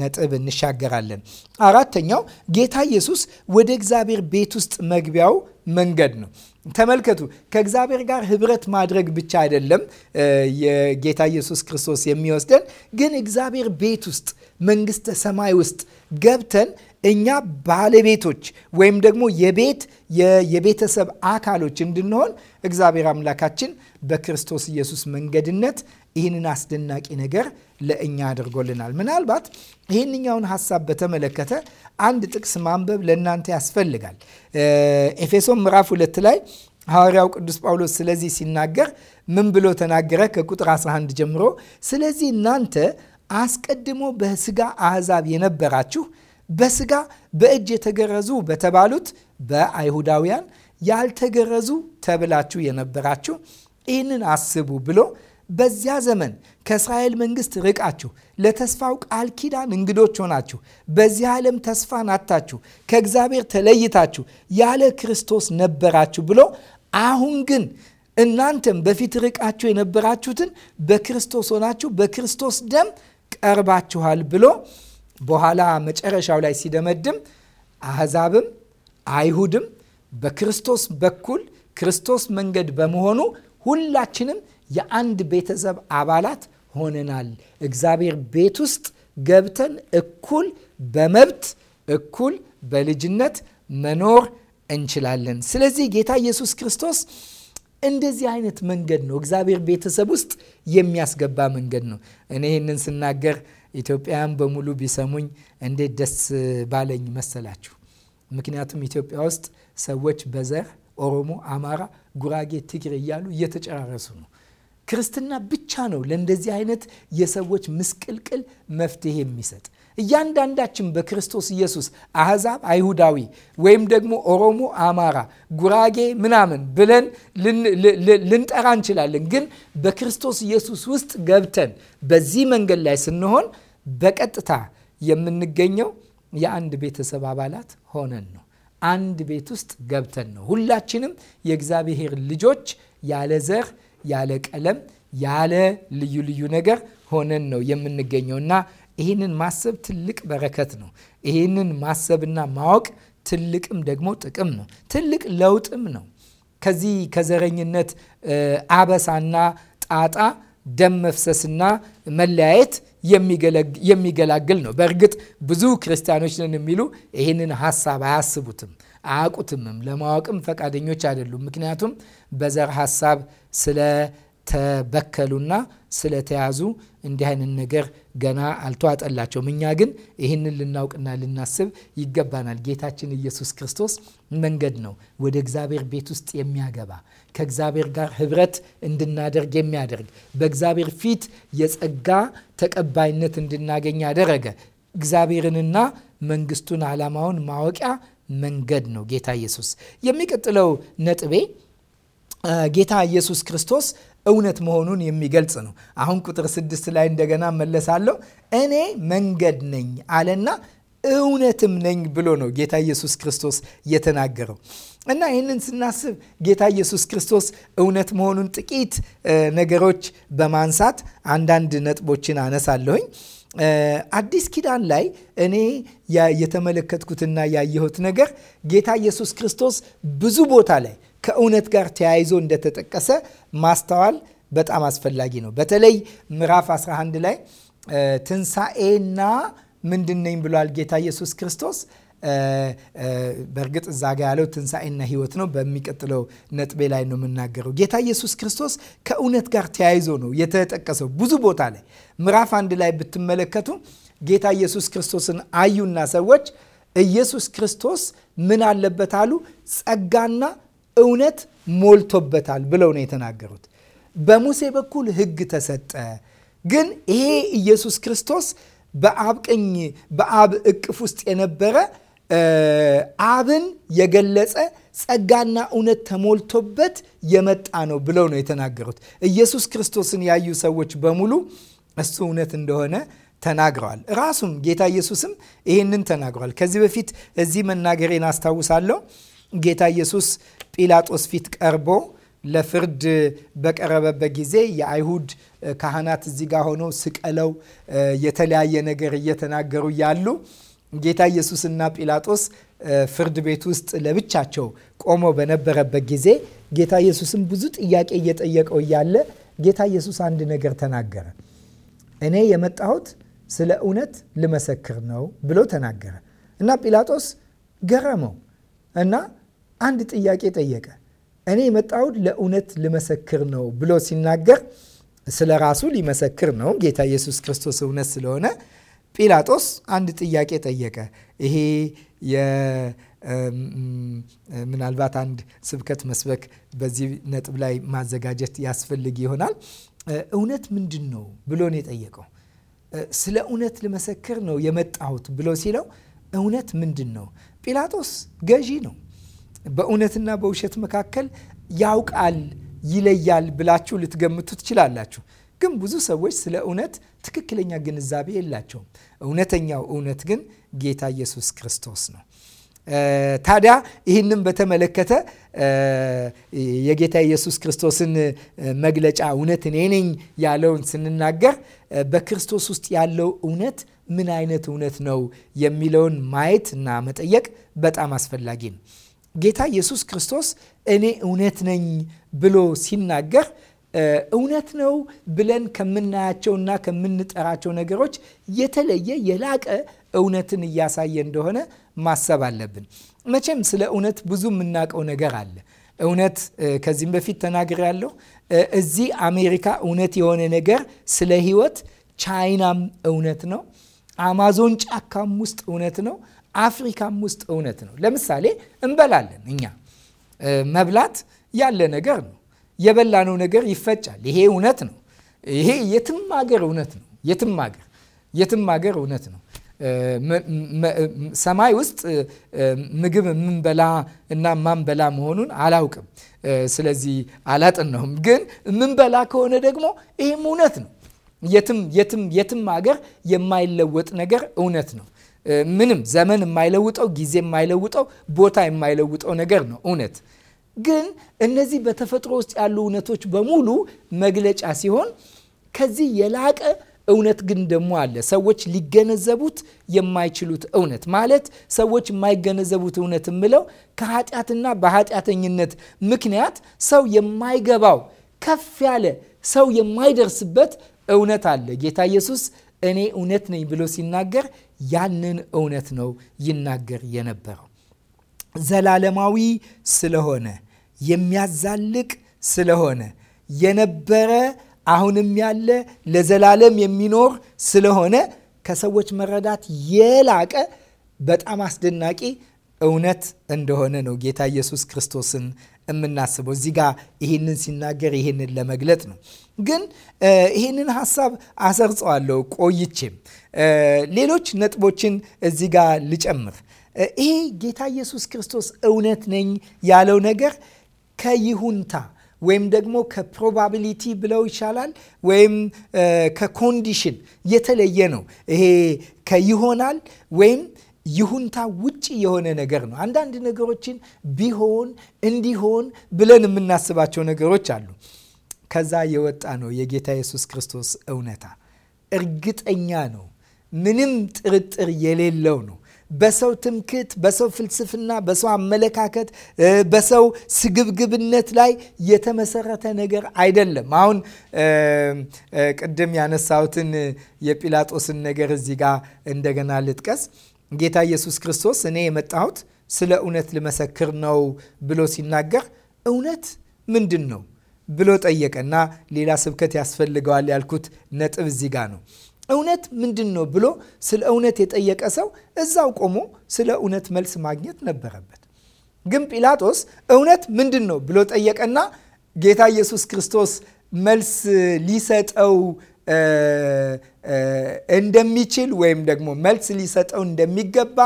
ነጥብ እንሻገራለን። አራተኛው ጌታ ኢየሱስ ወደ እግዚአብሔር ቤት ውስጥ መግቢያው መንገድ ነው። ተመልከቱ ከእግዚአብሔር ጋር ህብረት ማድረግ ብቻ አይደለም የጌታ ኢየሱስ ክርስቶስ የሚወስደን ግን እግዚአብሔር ቤት ውስጥ መንግስተ ሰማይ ውስጥ ገብተን እኛ ባለቤቶች ወይም ደግሞ የቤት የቤተሰብ አካሎች እንድንሆን እግዚአብሔር አምላካችን በክርስቶስ ኢየሱስ መንገድነት ይህንን አስደናቂ ነገር ለእኛ አድርጎልናል። ምናልባት ይህንኛውን ሀሳብ በተመለከተ አንድ ጥቅስ ማንበብ ለእናንተ ያስፈልጋል። ኤፌሶን ምዕራፍ ሁለት ላይ ሐዋርያው ቅዱስ ጳውሎስ ስለዚህ ሲናገር ምን ብሎ ተናገረ? ከቁጥር 11 ጀምሮ ስለዚህ እናንተ አስቀድሞ በስጋ አህዛብ የነበራችሁ በስጋ በእጅ የተገረዙ በተባሉት በአይሁዳውያን ያልተገረዙ ተብላችሁ የነበራችሁ ይህንን አስቡ ብሎ በዚያ ዘመን ከእስራኤል መንግስት ርቃችሁ ለተስፋው ቃል ኪዳን እንግዶች ሆናችሁ በዚህ ዓለም ተስፋን አታችሁ ከእግዚአብሔር ተለይታችሁ ያለ ክርስቶስ ነበራችሁ ብሎ አሁን ግን እናንተም በፊት ርቃችሁ የነበራችሁትን በክርስቶስ ሆናችሁ በክርስቶስ ደም ቀርባችኋል ብሎ በኋላ መጨረሻው ላይ ሲደመድም አህዛብም አይሁድም በክርስቶስ በኩል ክርስቶስ መንገድ በመሆኑ ሁላችንም የአንድ ቤተሰብ አባላት ሆነናል። እግዚአብሔር ቤት ውስጥ ገብተን እኩል በመብት እኩል በልጅነት መኖር እንችላለን። ስለዚህ ጌታ ኢየሱስ ክርስቶስ እንደዚህ አይነት መንገድ ነው እግዚአብሔር ቤተሰብ ውስጥ የሚያስገባ መንገድ ነው። እኔ ይህንን ስናገር ኢትዮጵያውያን በሙሉ ቢሰሙኝ እንዴት ደስ ባለኝ መሰላችሁ። ምክንያቱም ኢትዮጵያ ውስጥ ሰዎች በዘር ኦሮሞ፣ አማራ፣ ጉራጌ፣ ትግሬ እያሉ እየተጨራረሱ ነው። ክርስትና ብቻ ነው ለእንደዚህ አይነት የሰዎች ምስቅልቅል መፍትሄ የሚሰጥ። እያንዳንዳችን በክርስቶስ ኢየሱስ አህዛብ፣ አይሁዳዊ ወይም ደግሞ ኦሮሞ፣ አማራ፣ ጉራጌ ምናምን ብለን ልንጠራ እንችላለን። ግን በክርስቶስ ኢየሱስ ውስጥ ገብተን በዚህ መንገድ ላይ ስንሆን በቀጥታ የምንገኘው የአንድ ቤተሰብ አባላት ሆነን ነው። አንድ ቤት ውስጥ ገብተን ነው። ሁላችንም የእግዚአብሔር ልጆች ያለ ዘር ያለ ቀለም፣ ያለ ልዩ ልዩ ነገር ሆነን ነው የምንገኘው እና ይህንን ማሰብ ትልቅ በረከት ነው። ይህንን ማሰብና ማወቅ ትልቅም ደግሞ ጥቅም ነው። ትልቅ ለውጥም ነው። ከዚህ ከዘረኝነት አበሳና ጣጣ ደም መፍሰስና መለያየት የሚገላግል ነው። በእርግጥ ብዙ ክርስቲያኖች ነን የሚሉ ይህንን ሀሳብ አያስቡትም። አያውቁትምም፣ ለማወቅም ፈቃደኞች አይደሉም። ምክንያቱም በዘር ሀሳብ ስለተበከሉና ስለተያዙ እንዲህ አይነት ነገር ገና አልተዋጠላቸውም። እኛ ግን ይህንን ልናውቅና ልናስብ ይገባናል። ጌታችን ኢየሱስ ክርስቶስ መንገድ ነው፣ ወደ እግዚአብሔር ቤት ውስጥ የሚያገባ ከእግዚአብሔር ጋር ህብረት እንድናደርግ የሚያደርግ በእግዚአብሔር ፊት የጸጋ ተቀባይነት እንድናገኝ ያደረገ እግዚአብሔርንና መንግስቱን ዓላማውን ማወቂያ መንገድ ነው ጌታ ኢየሱስ። የሚቀጥለው ነጥቤ ጌታ ኢየሱስ ክርስቶስ እውነት መሆኑን የሚገልጽ ነው። አሁን ቁጥር ስድስት ላይ እንደገና መለሳለሁ። እኔ መንገድ ነኝ አለና እውነትም ነኝ ብሎ ነው ጌታ ኢየሱስ ክርስቶስ የተናገረው እና ይህንን ስናስብ ጌታ ኢየሱስ ክርስቶስ እውነት መሆኑን ጥቂት ነገሮች በማንሳት አንዳንድ ነጥቦችን አነሳለሁኝ። አዲስ ኪዳን ላይ እኔ የተመለከትኩትና ያየሁት ነገር ጌታ ኢየሱስ ክርስቶስ ብዙ ቦታ ላይ ከእውነት ጋር ተያይዞ እንደተጠቀሰ ማስተዋል በጣም አስፈላጊ ነው። በተለይ ምዕራፍ 11 ላይ ትንሣኤና ምንድን ነኝ ብሏል ጌታ ኢየሱስ ክርስቶስ በእርግጥ እዛ ጋ ያለው ትንሣኤና ህይወት ነው። በሚቀጥለው ነጥቤ ላይ ነው የምናገረው። ጌታ ኢየሱስ ክርስቶስ ከእውነት ጋር ተያይዞ ነው የተጠቀሰው። ብዙ ቦታ ላይ ምዕራፍ አንድ ላይ ብትመለከቱ ጌታ ኢየሱስ ክርስቶስን አዩና ሰዎች ኢየሱስ ክርስቶስ ምን አለበት አሉ? ጸጋና እውነት ሞልቶበታል ብለው ነው የተናገሩት። በሙሴ በኩል ህግ ተሰጠ። ግን ይሄ ኢየሱስ ክርስቶስ በአብ ቀኝ በአብ እቅፍ ውስጥ የነበረ አብን የገለጸ ጸጋና እውነት ተሞልቶበት የመጣ ነው ብለው ነው የተናገሩት። ኢየሱስ ክርስቶስን ያዩ ሰዎች በሙሉ እሱ እውነት እንደሆነ ተናግረዋል። ራሱም ጌታ ኢየሱስም ይህንን ተናግረዋል። ከዚህ በፊት እዚህ መናገሬን አስታውሳለሁ። ጌታ ኢየሱስ ጲላጦስ ፊት ቀርቦ ለፍርድ በቀረበበት ጊዜ የአይሁድ ካህናት እዚህ ጋር ሆነው ስቀለው፣ የተለያየ ነገር እየተናገሩ ያሉ ጌታ ኢየሱስና ጲላጦስ ፍርድ ቤት ውስጥ ለብቻቸው ቆሞ በነበረበት ጊዜ ጌታ ኢየሱስም ብዙ ጥያቄ እየጠየቀው እያለ ጌታ ኢየሱስ አንድ ነገር ተናገረ። እኔ የመጣሁት ስለ እውነት ልመሰክር ነው ብሎ ተናገረ እና ጲላጦስ ገረመው እና አንድ ጥያቄ ጠየቀ። እኔ የመጣሁት ለእውነት ልመሰክር ነው ብሎ ሲናገር ስለ ራሱ ሊመሰክር ነው ጌታ ኢየሱስ ክርስቶስ እውነት ስለሆነ ጲላጦስ አንድ ጥያቄ ጠየቀ። ይሄ ምናልባት አንድ ስብከት መስበክ በዚህ ነጥብ ላይ ማዘጋጀት ያስፈልግ ይሆናል። እውነት ምንድን ነው ብሎ ነው የጠየቀው። ስለ እውነት ልመሰክር ነው የመጣሁት ብሎ ሲለው እውነት ምንድን ነው? ጲላጦስ ገዢ ነው። በእውነትና በውሸት መካከል ያውቃል፣ ይለያል ብላችሁ ልትገምቱ ትችላላችሁ። ግን ብዙ ሰዎች ስለ እውነት ትክክለኛ ግንዛቤ የላቸውም። እውነተኛው እውነት ግን ጌታ ኢየሱስ ክርስቶስ ነው። ታዲያ ይህንም በተመለከተ የጌታ ኢየሱስ ክርስቶስን መግለጫ እውነት እኔ ነኝ ያለውን ስንናገር በክርስቶስ ውስጥ ያለው እውነት ምን አይነት እውነት ነው የሚለውን ማየት እና መጠየቅ በጣም አስፈላጊ ነው። ጌታ ኢየሱስ ክርስቶስ እኔ እውነት ነኝ ብሎ ሲናገር እውነት ነው ብለን ከምናያቸውና ከምንጠራቸው ነገሮች የተለየ የላቀ እውነትን እያሳየ እንደሆነ ማሰብ አለብን። መቼም ስለ እውነት ብዙ የምናውቀው ነገር አለ። እውነት ከዚህም በፊት ያለው እዚህ አሜሪካ እውነት የሆነ ነገር ስለ ህይወት ቻይናም እውነት ነው። አማዞን ጫካም ውስጥ እውነት ነው። አፍሪካም ውስጥ እውነት ነው። ለምሳሌ እንበላለን። እኛ መብላት ያለ ነገር ነው የበላነው ነገር ይፈጫል። ይሄ እውነት ነው። ይሄ የትም ሀገር እውነት ነው። የትም ሀገር የትም ሀገር እውነት ነው። ሰማይ ውስጥ ምግብ የምንበላ እና ማንበላ መሆኑን አላውቅም። ስለዚህ አላጠናሁም። ግን የምንበላ ከሆነ ደግሞ ይህም እውነት ነው። የትም የትም የትም ሀገር የማይለወጥ ነገር እውነት ነው። ምንም ዘመን የማይለውጠው ጊዜ የማይለውጠው ቦታ የማይለውጠው ነገር ነው እውነት ግን እነዚህ በተፈጥሮ ውስጥ ያሉ እውነቶች በሙሉ መግለጫ ሲሆን ከዚህ የላቀ እውነት ግን ደግሞ አለ። ሰዎች ሊገነዘቡት የማይችሉት እውነት ማለት ሰዎች የማይገነዘቡት እውነት የምለው ከኃጢአትና በኃጢአተኝነት ምክንያት ሰው የማይገባው ከፍ ያለ ሰው የማይደርስበት እውነት አለ። ጌታ ኢየሱስ እኔ እውነት ነኝ ብሎ ሲናገር ያንን እውነት ነው ይናገር የነበረው ዘላለማዊ ስለሆነ የሚያዛልቅ ስለሆነ የነበረ አሁንም ያለ ለዘላለም የሚኖር ስለሆነ ከሰዎች መረዳት የላቀ በጣም አስደናቂ እውነት እንደሆነ ነው ጌታ ኢየሱስ ክርስቶስን የምናስበው። እዚህ ጋር ይህንን ሲናገር ይህንን ለመግለጥ ነው። ግን ይህንን ሀሳብ አሰርጸዋለሁ ቆይቼም ሌሎች ነጥቦችን እዚህ ጋር ልጨምር። ይሄ ጌታ ኢየሱስ ክርስቶስ እውነት ነኝ ያለው ነገር ከይሁንታ ወይም ደግሞ ከፕሮባቢሊቲ ብለው ይሻላል ወይም ከኮንዲሽን የተለየ ነው። ይሄ ከይሆናል ወይም ይሁንታ ውጭ የሆነ ነገር ነው። አንዳንድ ነገሮችን ቢሆን እንዲሆን ብለን የምናስባቸው ነገሮች አሉ። ከዛ የወጣ ነው የጌታ ኢየሱስ ክርስቶስ እውነታ እርግጠኛ ነው፣ ምንም ጥርጥር የሌለው ነው። በሰው ትምክት፣ በሰው ፍልስፍና፣ በሰው አመለካከት፣ በሰው ስግብግብነት ላይ የተመሰረተ ነገር አይደለም። አሁን ቅድም ያነሳሁትን የጲላጦስን ነገር እዚህ ጋር እንደገና ልጥቀስ። ጌታ ኢየሱስ ክርስቶስ እኔ የመጣሁት ስለ እውነት ልመሰክር ነው ብሎ ሲናገር እውነት ምንድን ነው ብሎ ጠየቀና ሌላ ስብከት ያስፈልገዋል ያልኩት ነጥብ እዚህ ጋር ነው። እውነት ምንድን ነው ብሎ ስለ እውነት የጠየቀ ሰው እዛው ቆሞ ስለ እውነት መልስ ማግኘት ነበረበት። ግን ጲላጦስ እውነት ምንድን ነው ብሎ ጠየቀና ጌታ ኢየሱስ ክርስቶስ መልስ ሊሰጠው እንደሚችል ወይም ደግሞ መልስ ሊሰጠው እንደሚገባ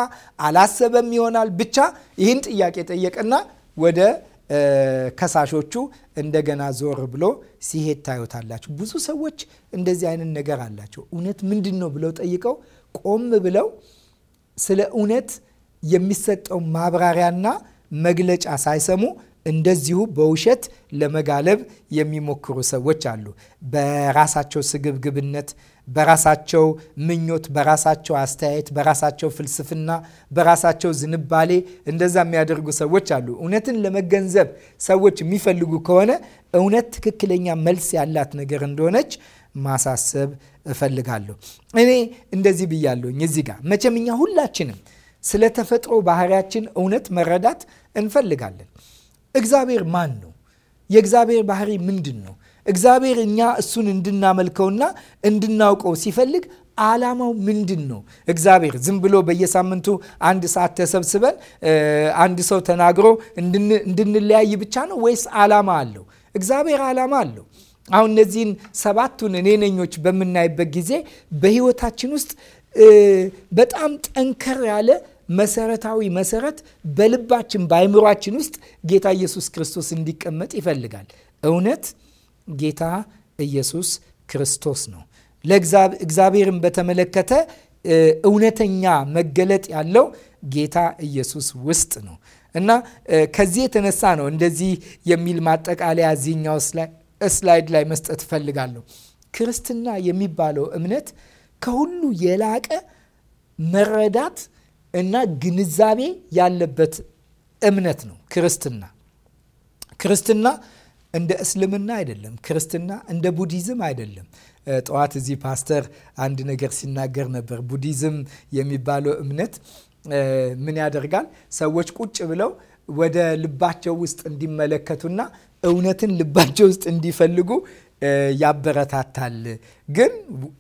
አላሰበም ይሆናል። ብቻ ይህን ጥያቄ ጠየቀና ወደ ከሳሾቹ እንደገና ዞር ብሎ ሲሄድ ታዩታላችሁ። ብዙ ሰዎች እንደዚህ አይነት ነገር አላቸው። እውነት ምንድን ነው ብለው ጠይቀው ቆም ብለው ስለ እውነት የሚሰጠው ማብራሪያና መግለጫ ሳይሰሙ እንደዚሁ በውሸት ለመጋለብ የሚሞክሩ ሰዎች አሉ። በራሳቸው ስግብግብነት፣ በራሳቸው ምኞት፣ በራሳቸው አስተያየት፣ በራሳቸው ፍልስፍና፣ በራሳቸው ዝንባሌ እንደዛ የሚያደርጉ ሰዎች አሉ። እውነትን ለመገንዘብ ሰዎች የሚፈልጉ ከሆነ እውነት ትክክለኛ መልስ ያላት ነገር እንደሆነች ማሳሰብ እፈልጋለሁ። እኔ እንደዚህ ብያለሁኝ። እዚህ ጋር መቼም እኛ ሁላችንም ስለ ተፈጥሮ ባህሪያችን እውነት መረዳት እንፈልጋለን። እግዚአብሔር ማን ነው? የእግዚአብሔር ባህሪ ምንድን ነው? እግዚአብሔር እኛ እሱን እንድናመልከውና እንድናውቀው ሲፈልግ ዓላማው ምንድን ነው? እግዚአብሔር ዝም ብሎ በየሳምንቱ አንድ ሰዓት ተሰብስበን አንድ ሰው ተናግሮ እንድንለያይ ብቻ ነው ወይስ ዓላማ አለው? እግዚአብሔር ዓላማ አለው። አሁን እነዚህን ሰባቱን እኔነኞች በምናይበት ጊዜ በህይወታችን ውስጥ በጣም ጠንከር ያለ መሰረታዊ መሰረት በልባችን በአይምሯችን ውስጥ ጌታ ኢየሱስ ክርስቶስ እንዲቀመጥ ይፈልጋል እውነት ጌታ ኢየሱስ ክርስቶስ ነው። ለእግዚአብሔርን በተመለከተ እውነተኛ መገለጥ ያለው ጌታ ኢየሱስ ውስጥ ነው እና ከዚህ የተነሳ ነው እንደዚህ የሚል ማጠቃለያ እዚህኛው ስላይድ ላይ መስጠት እፈልጋለሁ። ክርስትና የሚባለው እምነት ከሁሉ የላቀ መረዳት እና ግንዛቤ ያለበት እምነት ነው። ክርስትና ክርስትና እንደ እስልምና አይደለም፣ ክርስትና እንደ ቡዲዝም አይደለም። ጠዋት እዚህ ፓስተር አንድ ነገር ሲናገር ነበር። ቡዲዝም የሚባለው እምነት ምን ያደርጋል? ሰዎች ቁጭ ብለው ወደ ልባቸው ውስጥ እንዲመለከቱና እውነትን ልባቸው ውስጥ እንዲፈልጉ ያበረታታል። ግን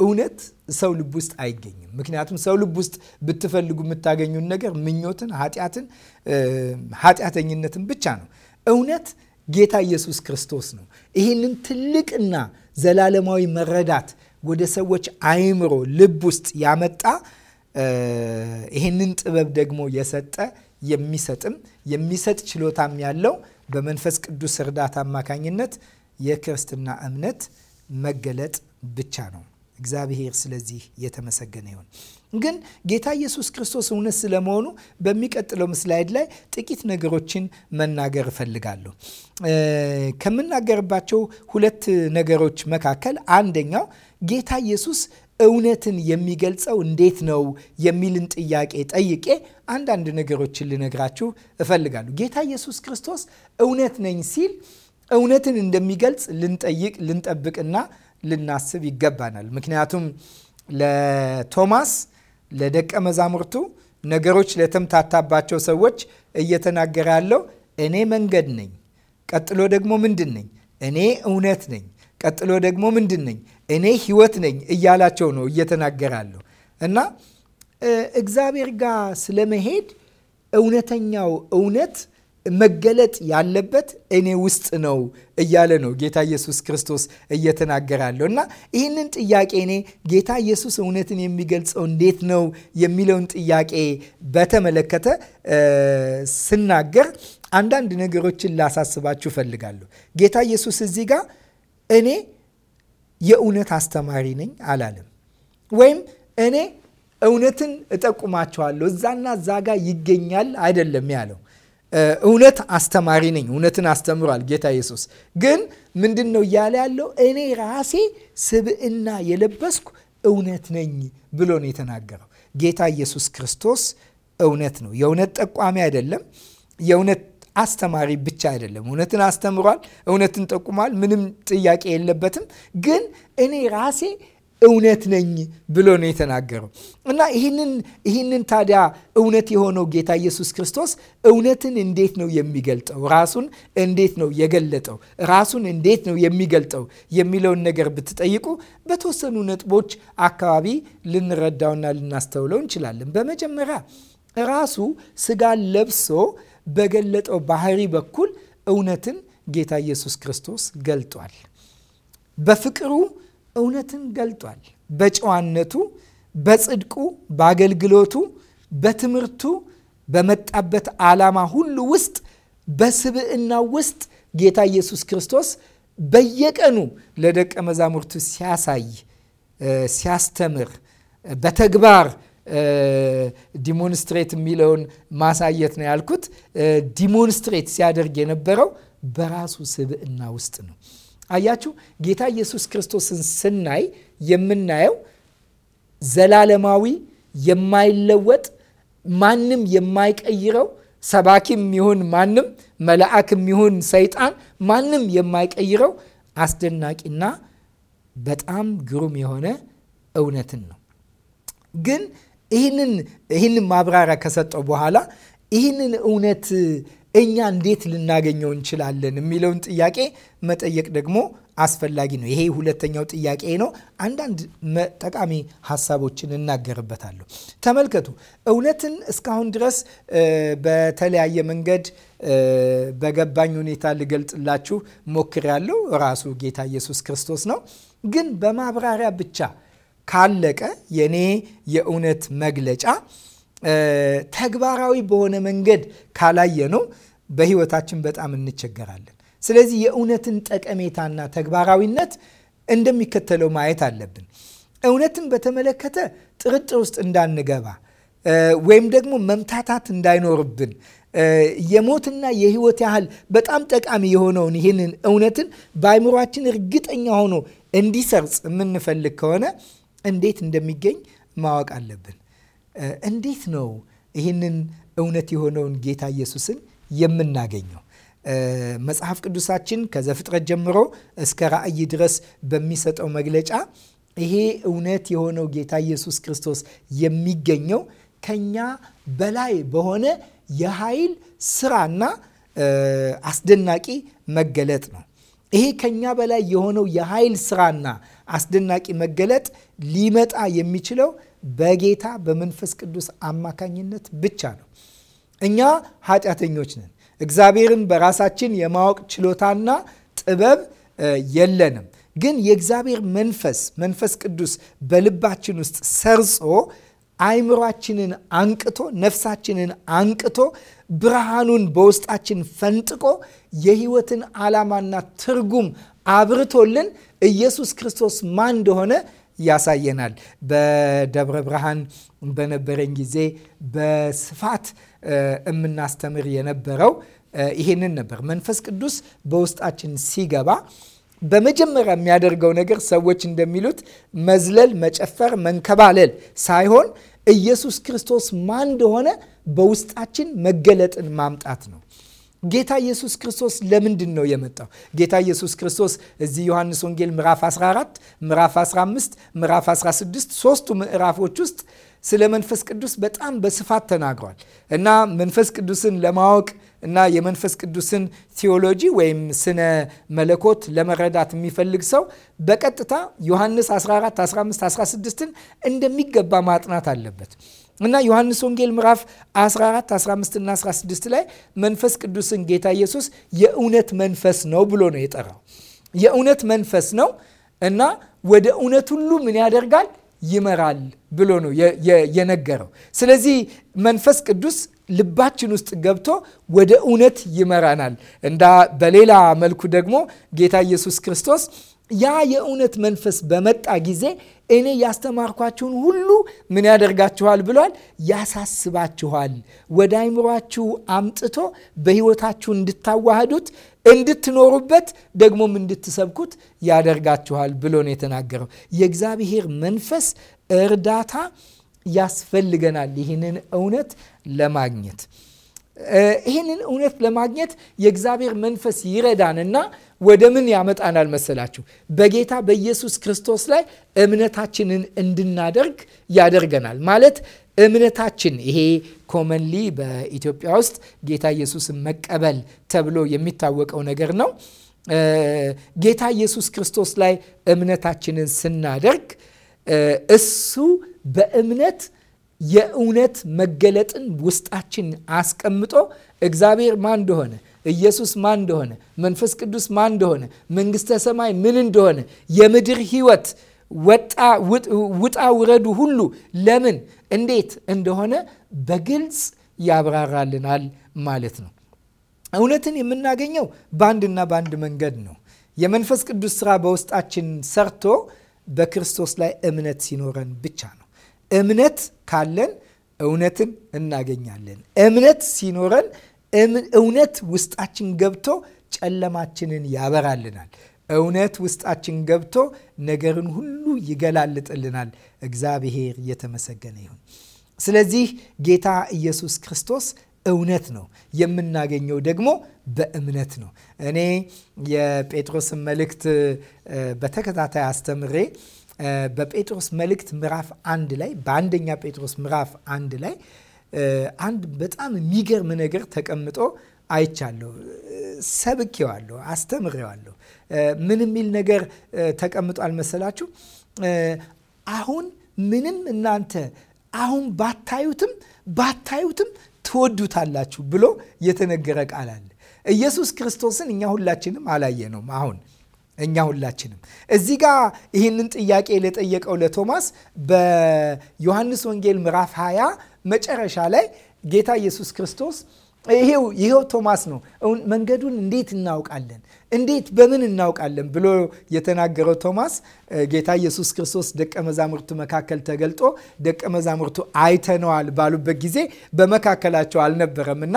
እውነት ሰው ልብ ውስጥ አይገኝም። ምክንያቱም ሰው ልብ ውስጥ ብትፈልጉ የምታገኙን ነገር ምኞትን፣ ኃጢአትን፣ ኃጢአተኝነትን ብቻ ነው። እውነት ጌታ ኢየሱስ ክርስቶስ ነው። ይህንን ትልቅና ዘላለማዊ መረዳት ወደ ሰዎች አይምሮ፣ ልብ ውስጥ ያመጣ ይህንን ጥበብ ደግሞ የሰጠ የሚሰጥም የሚሰጥ ችሎታም ያለው በመንፈስ ቅዱስ እርዳታ አማካኝነት የክርስትና እምነት መገለጥ ብቻ ነው። እግዚአብሔር ስለዚህ የተመሰገነ ይሁን። ግን ጌታ ኢየሱስ ክርስቶስ እውነት ስለመሆኑ በሚቀጥለው ስላይድ ላይ ጥቂት ነገሮችን መናገር እፈልጋለሁ። ከምናገርባቸው ሁለት ነገሮች መካከል አንደኛው ጌታ ኢየሱስ እውነትን የሚገልጸው እንዴት ነው የሚልን ጥያቄ ጠይቄ አንዳንድ ነገሮችን ልነግራችሁ እፈልጋለሁ። ጌታ ኢየሱስ ክርስቶስ እውነት ነኝ ሲል እውነትን እንደሚገልጽ ልንጠይቅ፣ ልንጠብቅና ልናስብ ይገባናል። ምክንያቱም ለቶማስ ለደቀ መዛሙርቱ ነገሮች ለተምታታባቸው ሰዎች እየተናገረ ያለው እኔ መንገድ ነኝ፣ ቀጥሎ ደግሞ ምንድን ነኝ? እኔ እውነት ነኝ፣ ቀጥሎ ደግሞ ምንድን ነኝ? እኔ ህይወት ነኝ እያላቸው ነው እየተናገራለሁ እና እግዚአብሔር ጋር ስለመሄድ እውነተኛው እውነት መገለጥ ያለበት እኔ ውስጥ ነው እያለ ነው ጌታ ኢየሱስ ክርስቶስ እየተናገረ ያለው እና ይህንን ጥያቄ እኔ ጌታ ኢየሱስ እውነትን የሚገልጸው እንዴት ነው የሚለውን ጥያቄ በተመለከተ ስናገር አንዳንድ ነገሮችን ላሳስባችሁ እፈልጋለሁ። ጌታ ኢየሱስ እዚህ ጋር እኔ የእውነት አስተማሪ ነኝ አላለም። ወይም እኔ እውነትን እጠቁማቸዋለሁ እዛና እዛ ጋር ይገኛል አይደለም ያለው እውነት አስተማሪ ነኝ፣ እውነትን አስተምሯል ጌታ ኢየሱስ። ግን ምንድን ነው እያለ ያለው? እኔ ራሴ ስብዕና የለበስኩ እውነት ነኝ ብሎ ነው የተናገረው። ጌታ ኢየሱስ ክርስቶስ እውነት ነው። የእውነት ጠቋሚ አይደለም። የእውነት አስተማሪ ብቻ አይደለም። እውነትን አስተምሯል፣ እውነትን ጠቁሟል። ምንም ጥያቄ የለበትም። ግን እኔ ራሴ እውነት ነኝ ብሎ ነው የተናገረው እና ይህንን ታዲያ እውነት የሆነው ጌታ ኢየሱስ ክርስቶስ እውነትን እንዴት ነው የሚገልጠው? ራሱን እንዴት ነው የገለጠው? ራሱን እንዴት ነው የሚገልጠው የሚለውን ነገር ብትጠይቁ በተወሰኑ ነጥቦች አካባቢ ልንረዳውና ልናስተውለው እንችላለን። በመጀመሪያ ራሱ ስጋን ለብሶ በገለጠው ባህሪ በኩል እውነትን ጌታ ኢየሱስ ክርስቶስ ገልጧል። በፍቅሩ እውነትን ገልጧል። በጨዋነቱ፣ በጽድቁ፣ በአገልግሎቱ፣ በትምህርቱ፣ በመጣበት ዓላማ ሁሉ ውስጥ በስብዕና ውስጥ ጌታ ኢየሱስ ክርስቶስ በየቀኑ ለደቀ መዛሙርቱ ሲያሳይ ሲያስተምር በተግባር ዲሞንስትሬት የሚለውን ማሳየት ነው ያልኩት። ዲሞንስትሬት ሲያደርግ የነበረው በራሱ ስብዕና ውስጥ ነው። አያችሁ፣ ጌታ ኢየሱስ ክርስቶስን ስናይ የምናየው ዘላለማዊ የማይለወጥ ማንም የማይቀይረው ሰባኪም ይሁን ማንም መልአክም ይሁን ሰይጣን ማንም የማይቀይረው አስደናቂና በጣም ግሩም የሆነ እውነትን ነው። ግን ይህንን ማብራሪያ ከሰጠው በኋላ ይህንን እውነት እኛ እንዴት ልናገኘው እንችላለን የሚለውን ጥያቄ መጠየቅ ደግሞ አስፈላጊ ነው። ይሄ ሁለተኛው ጥያቄ ነው። አንዳንድ ጠቃሚ ሀሳቦችን እናገርበታለሁ። ተመልከቱ፣ እውነትን እስካሁን ድረስ በተለያየ መንገድ በገባኝ ሁኔታ ልገልጥላችሁ ሞክሬያለሁ። ራሱ ጌታ ኢየሱስ ክርስቶስ ነው። ግን በማብራሪያ ብቻ ካለቀ የኔ የእውነት መግለጫ ተግባራዊ በሆነ መንገድ ካላየ ነው በህይወታችን በጣም እንቸገራለን። ስለዚህ የእውነትን ጠቀሜታና ተግባራዊነት እንደሚከተለው ማየት አለብን። እውነትን በተመለከተ ጥርጥር ውስጥ እንዳንገባ ወይም ደግሞ መምታታት እንዳይኖርብን የሞትና የህይወት ያህል በጣም ጠቃሚ የሆነውን ይህንን እውነትን በአይምሯችን እርግጠኛ ሆኖ እንዲሰርጽ የምንፈልግ ከሆነ እንዴት እንደሚገኝ ማወቅ አለብን። እንዴት ነው ይህንን እውነት የሆነውን ጌታ ኢየሱስን የምናገኘው? መጽሐፍ ቅዱሳችን ከዘፍጥረት ጀምሮ እስከ ራእይ ድረስ በሚሰጠው መግለጫ ይሄ እውነት የሆነው ጌታ ኢየሱስ ክርስቶስ የሚገኘው ከኛ በላይ በሆነ የኃይል ስራና አስደናቂ መገለጥ ነው። ይሄ ከኛ በላይ የሆነው የኃይል ስራና አስደናቂ መገለጥ ሊመጣ የሚችለው በጌታ በመንፈስ ቅዱስ አማካኝነት ብቻ ነው። እኛ ኃጢአተኞች ነን። እግዚአብሔርን በራሳችን የማወቅ ችሎታና ጥበብ የለንም። ግን የእግዚአብሔር መንፈስ መንፈስ ቅዱስ በልባችን ውስጥ ሰርጾ አይምሯችንን አንቅቶ ነፍሳችንን አንቅቶ ብርሃኑን በውስጣችን ፈንጥቆ የሕይወትን ዓላማና ትርጉም አብርቶልን ኢየሱስ ክርስቶስ ማን እንደሆነ ያሳየናል። በደብረ ብርሃን በነበረኝ ጊዜ በስፋት የምናስተምር የነበረው ይሄንን ነበር። መንፈስ ቅዱስ በውስጣችን ሲገባ በመጀመሪያ የሚያደርገው ነገር ሰዎች እንደሚሉት መዝለል፣ መጨፈር፣ መንከባለል ሳይሆን ኢየሱስ ክርስቶስ ማን እንደሆነ በውስጣችን መገለጥን ማምጣት ነው። ጌታ ኢየሱስ ክርስቶስ ለምንድን ነው የመጣው? ጌታ ኢየሱስ ክርስቶስ እዚህ ዮሐንስ ወንጌል ምዕራፍ 14፣ ምዕራፍ 15፣ ምዕራፍ 16 ሶስቱ ምዕራፎች ውስጥ ስለ መንፈስ ቅዱስ በጣም በስፋት ተናግሯል እና መንፈስ ቅዱስን ለማወቅ እና የመንፈስ ቅዱስን ቴዎሎጂ ወይም ስነ መለኮት ለመረዳት የሚፈልግ ሰው በቀጥታ ዮሐንስ 14፣ 15፣ 16ን እንደሚገባ ማጥናት አለበት። እና ዮሐንስ ወንጌል ምዕራፍ 14፣ 15 እና 16 ላይ መንፈስ ቅዱስን ጌታ ኢየሱስ የእውነት መንፈስ ነው ብሎ ነው የጠራው። የእውነት መንፈስ ነው እና ወደ እውነት ሁሉ ምን ያደርጋል? ይመራል ብሎ ነው የነገረው። ስለዚህ መንፈስ ቅዱስ ልባችን ውስጥ ገብቶ ወደ እውነት ይመራናል። እንዳ በሌላ መልኩ ደግሞ ጌታ ኢየሱስ ክርስቶስ ያ የእውነት መንፈስ በመጣ ጊዜ እኔ ያስተማርኳችሁን ሁሉ ምን ያደርጋችኋል ብሏል? ያሳስባችኋል። ወደ አይምሯችሁ አምጥቶ በሕይወታችሁ እንድታዋህዱት እንድትኖሩበት ደግሞም እንድትሰብኩት ያደርጋችኋል ብሎ ነው የተናገረው። የእግዚአብሔር መንፈስ እርዳታ ያስፈልገናል ይህንን እውነት ለማግኘት ይህንን እውነት ለማግኘት የእግዚአብሔር መንፈስ ይረዳንና ወደ ምን ያመጣናል መሰላችሁ? በጌታ በኢየሱስ ክርስቶስ ላይ እምነታችንን እንድናደርግ ያደርገናል። ማለት እምነታችን ይሄ ኮመንሊ በኢትዮጵያ ውስጥ ጌታ ኢየሱስን መቀበል ተብሎ የሚታወቀው ነገር ነው። ጌታ ኢየሱስ ክርስቶስ ላይ እምነታችንን ስናደርግ እሱ በእምነት የእውነት መገለጥን ውስጣችን አስቀምጦ እግዚአብሔር ማን እንደሆነ ኢየሱስ ማን እንደሆነ መንፈስ ቅዱስ ማን እንደሆነ መንግስተ ሰማይ ምን እንደሆነ የምድር ህይወት ወጣ ውጣ ውረዱ ሁሉ ለምን እንዴት እንደሆነ በግልጽ ያብራራልናል ማለት ነው። እውነትን የምናገኘው በአንድና በአንድ መንገድ ነው። የመንፈስ ቅዱስ ስራ በውስጣችን ሰርቶ በክርስቶስ ላይ እምነት ሲኖረን ብቻ ነው። እምነት ካለን እውነትን እናገኛለን። እምነት ሲኖረን እውነት ውስጣችን ገብቶ ጨለማችንን ያበራልናል። እውነት ውስጣችን ገብቶ ነገርን ሁሉ ይገላልጥልናል። እግዚአብሔር የተመሰገነ ይሁን። ስለዚህ ጌታ ኢየሱስ ክርስቶስ እውነት ነው። የምናገኘው ደግሞ በእምነት ነው። እኔ የጴጥሮስን መልእክት በተከታታይ አስተምሬ በጴጥሮስ መልእክት ምዕራፍ አንድ ላይ በአንደኛ ጴጥሮስ ምዕራፍ አንድ ላይ አንድ በጣም የሚገርም ነገር ተቀምጦ አይቻለሁ። ሰብኬዋለሁ፣ አስተምሬዋለሁ። ምን የሚል ነገር ተቀምጦ አልመሰላችሁ? አሁን ምንም እናንተ አሁን ባታዩትም ባታዩትም ትወዱታላችሁ ብሎ የተነገረ ቃል አለ። ኢየሱስ ክርስቶስን እኛ ሁላችንም አላየ ነውም አሁን እኛ ሁላችንም እዚህ ጋ ይህንን ጥያቄ ለጠየቀው ለቶማስ በዮሐንስ ወንጌል ምዕራፍ 20 መጨረሻ ላይ ጌታ ኢየሱስ ክርስቶስ ይሄው ይሄው ቶማስ ነው መንገዱን እንዴት እናውቃለን እንዴት በምን እናውቃለን ብሎ የተናገረው ቶማስ ጌታ ኢየሱስ ክርስቶስ ደቀ መዛሙርቱ መካከል ተገልጦ ደቀ መዛሙርቱ አይተነዋል ባሉበት ጊዜ በመካከላቸው አልነበረም እና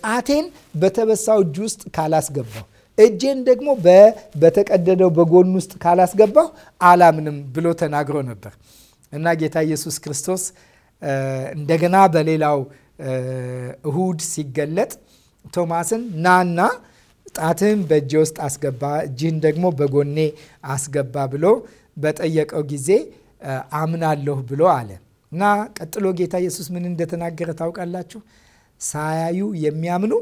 ጣቴን በተበሳው እጅ ውስጥ ካላስገባው እጄን ደግሞ በተቀደደው በጎን ውስጥ ካላስገባሁ አላምንም ብሎ ተናግሮ ነበር እና ጌታ ኢየሱስ ክርስቶስ እንደገና በሌላው እሁድ ሲገለጥ ቶማስን ናና ጣትህን በእጄ ውስጥ አስገባ፣ እጅህን ደግሞ በጎኔ አስገባ ብሎ በጠየቀው ጊዜ አምናለሁ ብሎ አለ እና ቀጥሎ ጌታ ኢየሱስ ምን እንደተናገረ ታውቃላችሁ? ሳያዩ የሚያምኑ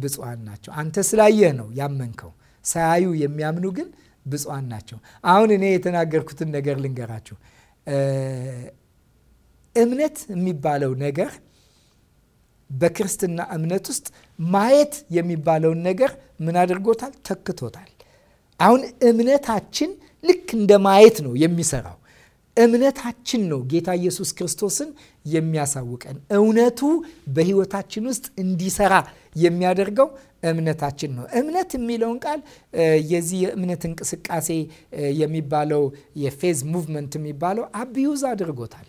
ብፁዓን ናቸው። አንተ ስላየህ ነው ያመንከው። ሳያዩ የሚያምኑ ግን ብፁዓን ናቸው። አሁን እኔ የተናገርኩትን ነገር ልንገራችሁ። እምነት የሚባለው ነገር በክርስትና እምነት ውስጥ ማየት የሚባለውን ነገር ምን አድርጎታል? ተክቶታል። አሁን እምነታችን ልክ እንደ ማየት ነው የሚሰራው እምነታችን ነው ጌታ ኢየሱስ ክርስቶስን የሚያሳውቀን። እውነቱ በህይወታችን ውስጥ እንዲሰራ የሚያደርገው እምነታችን ነው። እምነት የሚለውን ቃል የዚህ የእምነት እንቅስቃሴ የሚባለው የፌዝ ሙቭመንት የሚባለው አቢዩዝ አድርጎታል።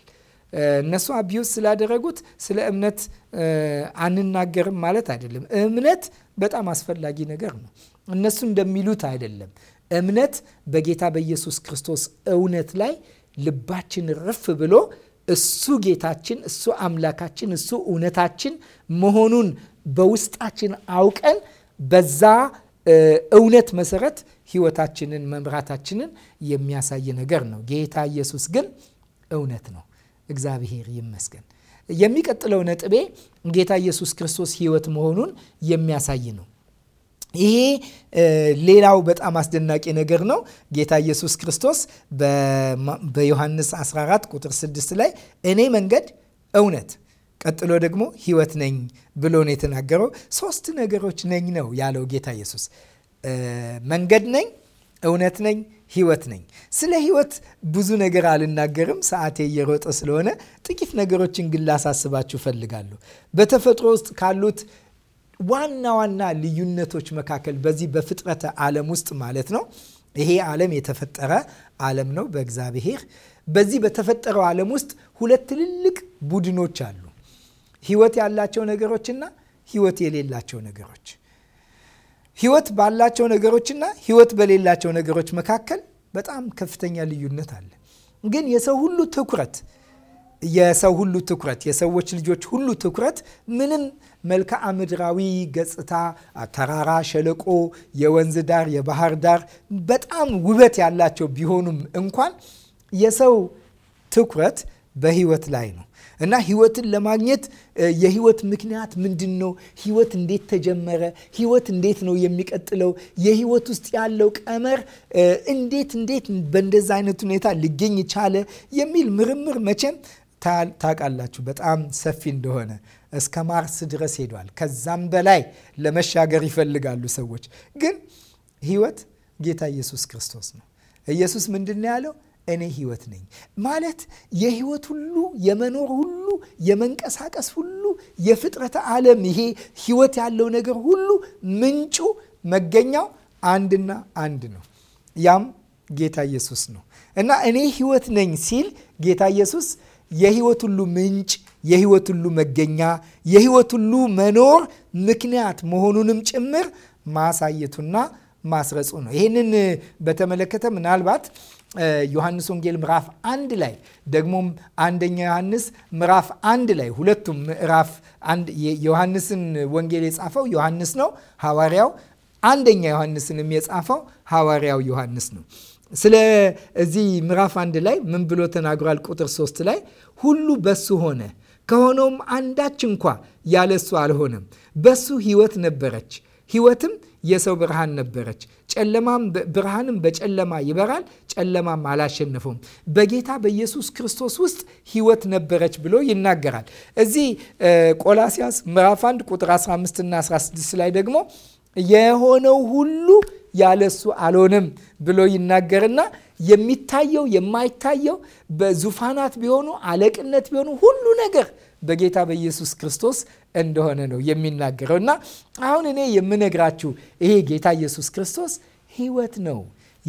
እነሱ አቢዩዝ ስላደረጉት ስለ እምነት አንናገርም ማለት አይደለም። እምነት በጣም አስፈላጊ ነገር ነው። እነሱ እንደሚሉት አይደለም። እምነት በጌታ በኢየሱስ ክርስቶስ እውነት ላይ ልባችን ርፍ ብሎ እሱ ጌታችን፣ እሱ አምላካችን፣ እሱ እውነታችን መሆኑን በውስጣችን አውቀን በዛ እውነት መሰረት ህይወታችንን መምራታችንን የሚያሳይ ነገር ነው። ጌታ ኢየሱስ ግን እውነት ነው። እግዚአብሔር ይመስገን። የሚቀጥለው ነጥቤ ጌታ ኢየሱስ ክርስቶስ ህይወት መሆኑን የሚያሳይ ነው። ይሄ ሌላው በጣም አስደናቂ ነገር ነው። ጌታ ኢየሱስ ክርስቶስ በዮሐንስ 14 ቁጥር 6 ላይ እኔ መንገድ፣ እውነት ቀጥሎ ደግሞ ህይወት ነኝ ብሎ ነው የተናገረው። ሶስት ነገሮች ነኝ ነው ያለው ጌታ ኢየሱስ። መንገድ ነኝ፣ እውነት ነኝ፣ ህይወት ነኝ። ስለ ህይወት ብዙ ነገር አልናገርም፣ ሰዓቴ እየሮጠ ስለሆነ ጥቂት ነገሮችን ግን ላሳስባችሁ እፈልጋለሁ። በተፈጥሮ ውስጥ ካሉት ዋና ዋና ልዩነቶች መካከል በዚህ በፍጥረተ ዓለም ውስጥ ማለት ነው። ይሄ ዓለም የተፈጠረ ዓለም ነው በእግዚአብሔር። በዚህ በተፈጠረው ዓለም ውስጥ ሁለት ትልልቅ ቡድኖች አሉ። ህይወት ያላቸው ነገሮችና ህይወት የሌላቸው ነገሮች። ህይወት ባላቸው ነገሮችና ህይወት በሌላቸው ነገሮች መካከል በጣም ከፍተኛ ልዩነት አለ። ግን የሰው ሁሉ ትኩረት የሰው ሁሉ ትኩረት የሰዎች ልጆች ሁሉ ትኩረት ምንም መልክዓ ምድራዊ ገጽታ፣ ተራራ፣ ሸለቆ፣ የወንዝ ዳር፣ የባህር ዳር በጣም ውበት ያላቸው ቢሆኑም እንኳን የሰው ትኩረት በህይወት ላይ ነው እና ህይወትን ለማግኘት የህይወት ምክንያት ምንድን ነው? ህይወት እንዴት ተጀመረ? ህይወት እንዴት ነው የሚቀጥለው? የህይወት ውስጥ ያለው ቀመር እንዴት እንዴት በእንደዛ አይነት ሁኔታ ሊገኝ ቻለ? የሚል ምርምር መቼም ታውቃላችሁ በጣም ሰፊ እንደሆነ እስከ ማርስ ድረስ ሄዷል። ከዛም በላይ ለመሻገር ይፈልጋሉ ሰዎች። ግን ህይወት ጌታ ኢየሱስ ክርስቶስ ነው። ኢየሱስ ምንድን ነው ያለው? እኔ ህይወት ነኝ ማለት የህይወት ሁሉ የመኖር ሁሉ የመንቀሳቀስ ሁሉ የፍጥረት ዓለም ይሄ ህይወት ያለው ነገር ሁሉ ምንጩ መገኛው አንድና አንድ ነው። ያም ጌታ ኢየሱስ ነው እና እኔ ህይወት ነኝ ሲል ጌታ ኢየሱስ የህይወት ሁሉ ምንጭ የህይወት ሁሉ መገኛ፣ የህይወት ሁሉ መኖር ምክንያት መሆኑንም ጭምር ማሳየቱና ማስረጹ ነው። ይህንን በተመለከተ ምናልባት ዮሐንስ ወንጌል ምዕራፍ አንድ ላይ ደግሞም አንደኛ ዮሐንስ ምዕራፍ አንድ ላይ ሁለቱም ምዕራፍ ዮሐንስን ወንጌል የጻፈው ዮሐንስ ነው ሐዋርያው፣ አንደኛ ዮሐንስንም የጻፈው ሐዋርያው ዮሐንስ ነው። ስለ እዚህ ምዕራፍ አንድ ላይ ምን ብሎ ተናግሯል? ቁጥር ሶስት ላይ ሁሉ በሱ ሆነ ከሆነውም አንዳች እንኳ ያለሱ አልሆነም። በሱ ህይወት ነበረች፣ ህይወትም የሰው ብርሃን ነበረች። ጨለማም ብርሃንም በጨለማ ይበራል፣ ጨለማም አላሸነፈውም። በጌታ በኢየሱስ ክርስቶስ ውስጥ ህይወት ነበረች ብሎ ይናገራል። እዚህ ቆላሲያስ ምዕራፍ 1 ቁጥር 15 እና 16 ላይ ደግሞ የሆነው ሁሉ ያለሱ አልሆነም ብሎ ይናገርና የሚታየው የማይታየው በዙፋናት ቢሆኑ አለቅነት ቢሆኑ ሁሉ ነገር በጌታ በኢየሱስ ክርስቶስ እንደሆነ ነው የሚናገረው እና አሁን እኔ የምነግራችሁ ይሄ ጌታ ኢየሱስ ክርስቶስ ሕይወት ነው።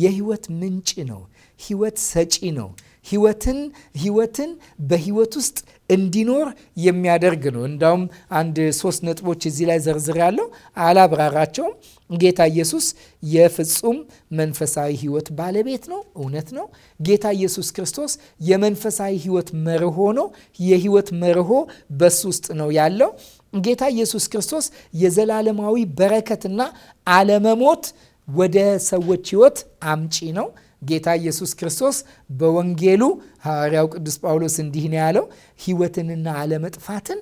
የሕይወት ምንጭ ነው። ሕይወት ሰጪ ነው። ህይወትን ህይወትን በህይወት ውስጥ እንዲኖር የሚያደርግ ነው። እንዳውም አንድ ሶስት ነጥቦች እዚህ ላይ ዘርዝር ያለው አላብራራቸውም። ጌታ ኢየሱስ የፍጹም መንፈሳዊ ህይወት ባለቤት ነው። እውነት ነው። ጌታ ኢየሱስ ክርስቶስ የመንፈሳዊ ህይወት መርሆ ነው። የህይወት መርሆ በሱ ውስጥ ነው ያለው። ጌታ ኢየሱስ ክርስቶስ የዘላለማዊ በረከትና አለመሞት ወደ ሰዎች ህይወት አምጪ ነው። ጌታ ኢየሱስ ክርስቶስ በወንጌሉ ሐዋርያው ቅዱስ ጳውሎስ እንዲህ ነው ያለው፣ ሕይወትንና አለመጥፋትን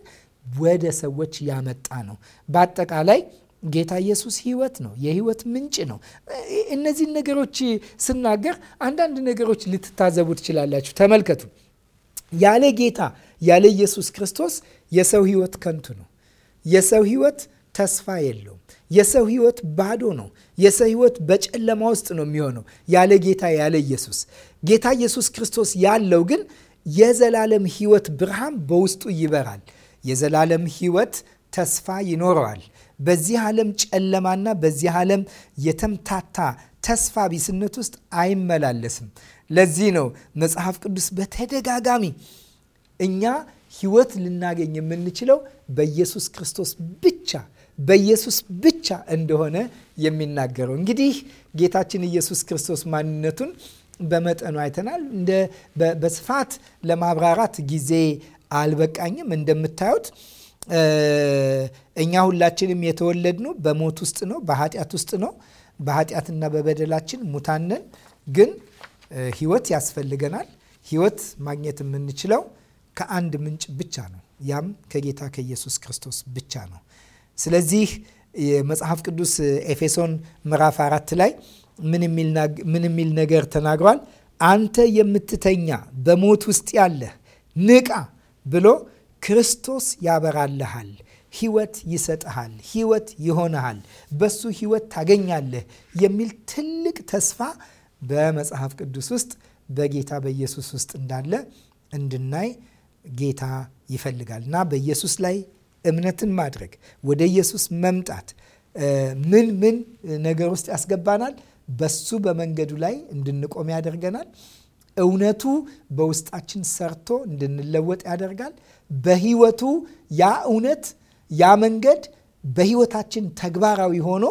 ወደ ሰዎች ያመጣ ነው። በአጠቃላይ ጌታ ኢየሱስ ሕይወት ነው፣ የሕይወት ምንጭ ነው። እነዚህን ነገሮች ስናገር አንዳንድ ነገሮች ልትታዘቡ ትችላላችሁ። ተመልከቱ። ያለ ጌታ ያለ ኢየሱስ ክርስቶስ የሰው ሕይወት ከንቱ ነው። የሰው ሕይወት ተስፋ የለውም። የሰው ህይወት ባዶ ነው። የሰው ህይወት በጨለማ ውስጥ ነው የሚሆነው ያለ ጌታ ያለ ኢየሱስ። ጌታ ኢየሱስ ክርስቶስ ያለው ግን የዘላለም ህይወት ብርሃን በውስጡ ይበራል። የዘላለም ህይወት ተስፋ ይኖረዋል። በዚህ ዓለም ጨለማና በዚህ ዓለም የተምታታ ተስፋ ቢስነት ውስጥ አይመላለስም። ለዚህ ነው መጽሐፍ ቅዱስ በተደጋጋሚ እኛ ህይወት ልናገኝ የምንችለው በኢየሱስ ክርስቶስ ብቻ በኢየሱስ ብቻ እንደሆነ የሚናገረው። እንግዲህ ጌታችን ኢየሱስ ክርስቶስ ማንነቱን በመጠኑ አይተናል። እንደ በስፋት ለማብራራት ጊዜ አልበቃኝም። እንደምታዩት እኛ ሁላችንም የተወለድነው በሞት ውስጥ ነው፣ በኃጢአት ውስጥ ነው። በኃጢአትና በበደላችን ሙታንን ግን ህይወት ያስፈልገናል። ህይወት ማግኘት የምንችለው ከአንድ ምንጭ ብቻ ነው። ያም ከጌታ ከኢየሱስ ክርስቶስ ብቻ ነው። ስለዚህ የመጽሐፍ ቅዱስ ኤፌሶን ምዕራፍ አራት ላይ ምን የሚል ነገር ተናግሯል? አንተ የምትተኛ በሞት ውስጥ ያለህ ንቃ ብሎ ክርስቶስ ያበራልሃል፣ ህይወት ይሰጥሃል፣ ህይወት ይሆንሃል፣ በሱ ህይወት ታገኛለህ የሚል ትልቅ ተስፋ በመጽሐፍ ቅዱስ ውስጥ በጌታ በኢየሱስ ውስጥ እንዳለ እንድናይ ጌታ ይፈልጋል እና በኢየሱስ ላይ እምነትን ማድረግ ወደ ኢየሱስ መምጣት ምን ምን ነገር ውስጥ ያስገባናል? በሱ በመንገዱ ላይ እንድንቆም ያደርገናል። እውነቱ በውስጣችን ሰርቶ እንድንለወጥ ያደርጋል። በህይወቱ ያ እውነት ያ መንገድ በህይወታችን ተግባራዊ ሆኖ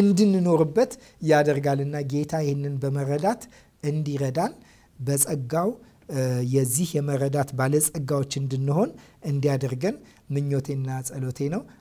እንድንኖርበት ያደርጋልና ጌታ ይህንን በመረዳት እንዲረዳን በጸጋው የዚህ የመረዳት ባለጸጋዎች እንድንሆን እንዲያደርገን ምኞቴና ጸሎቴ ነው።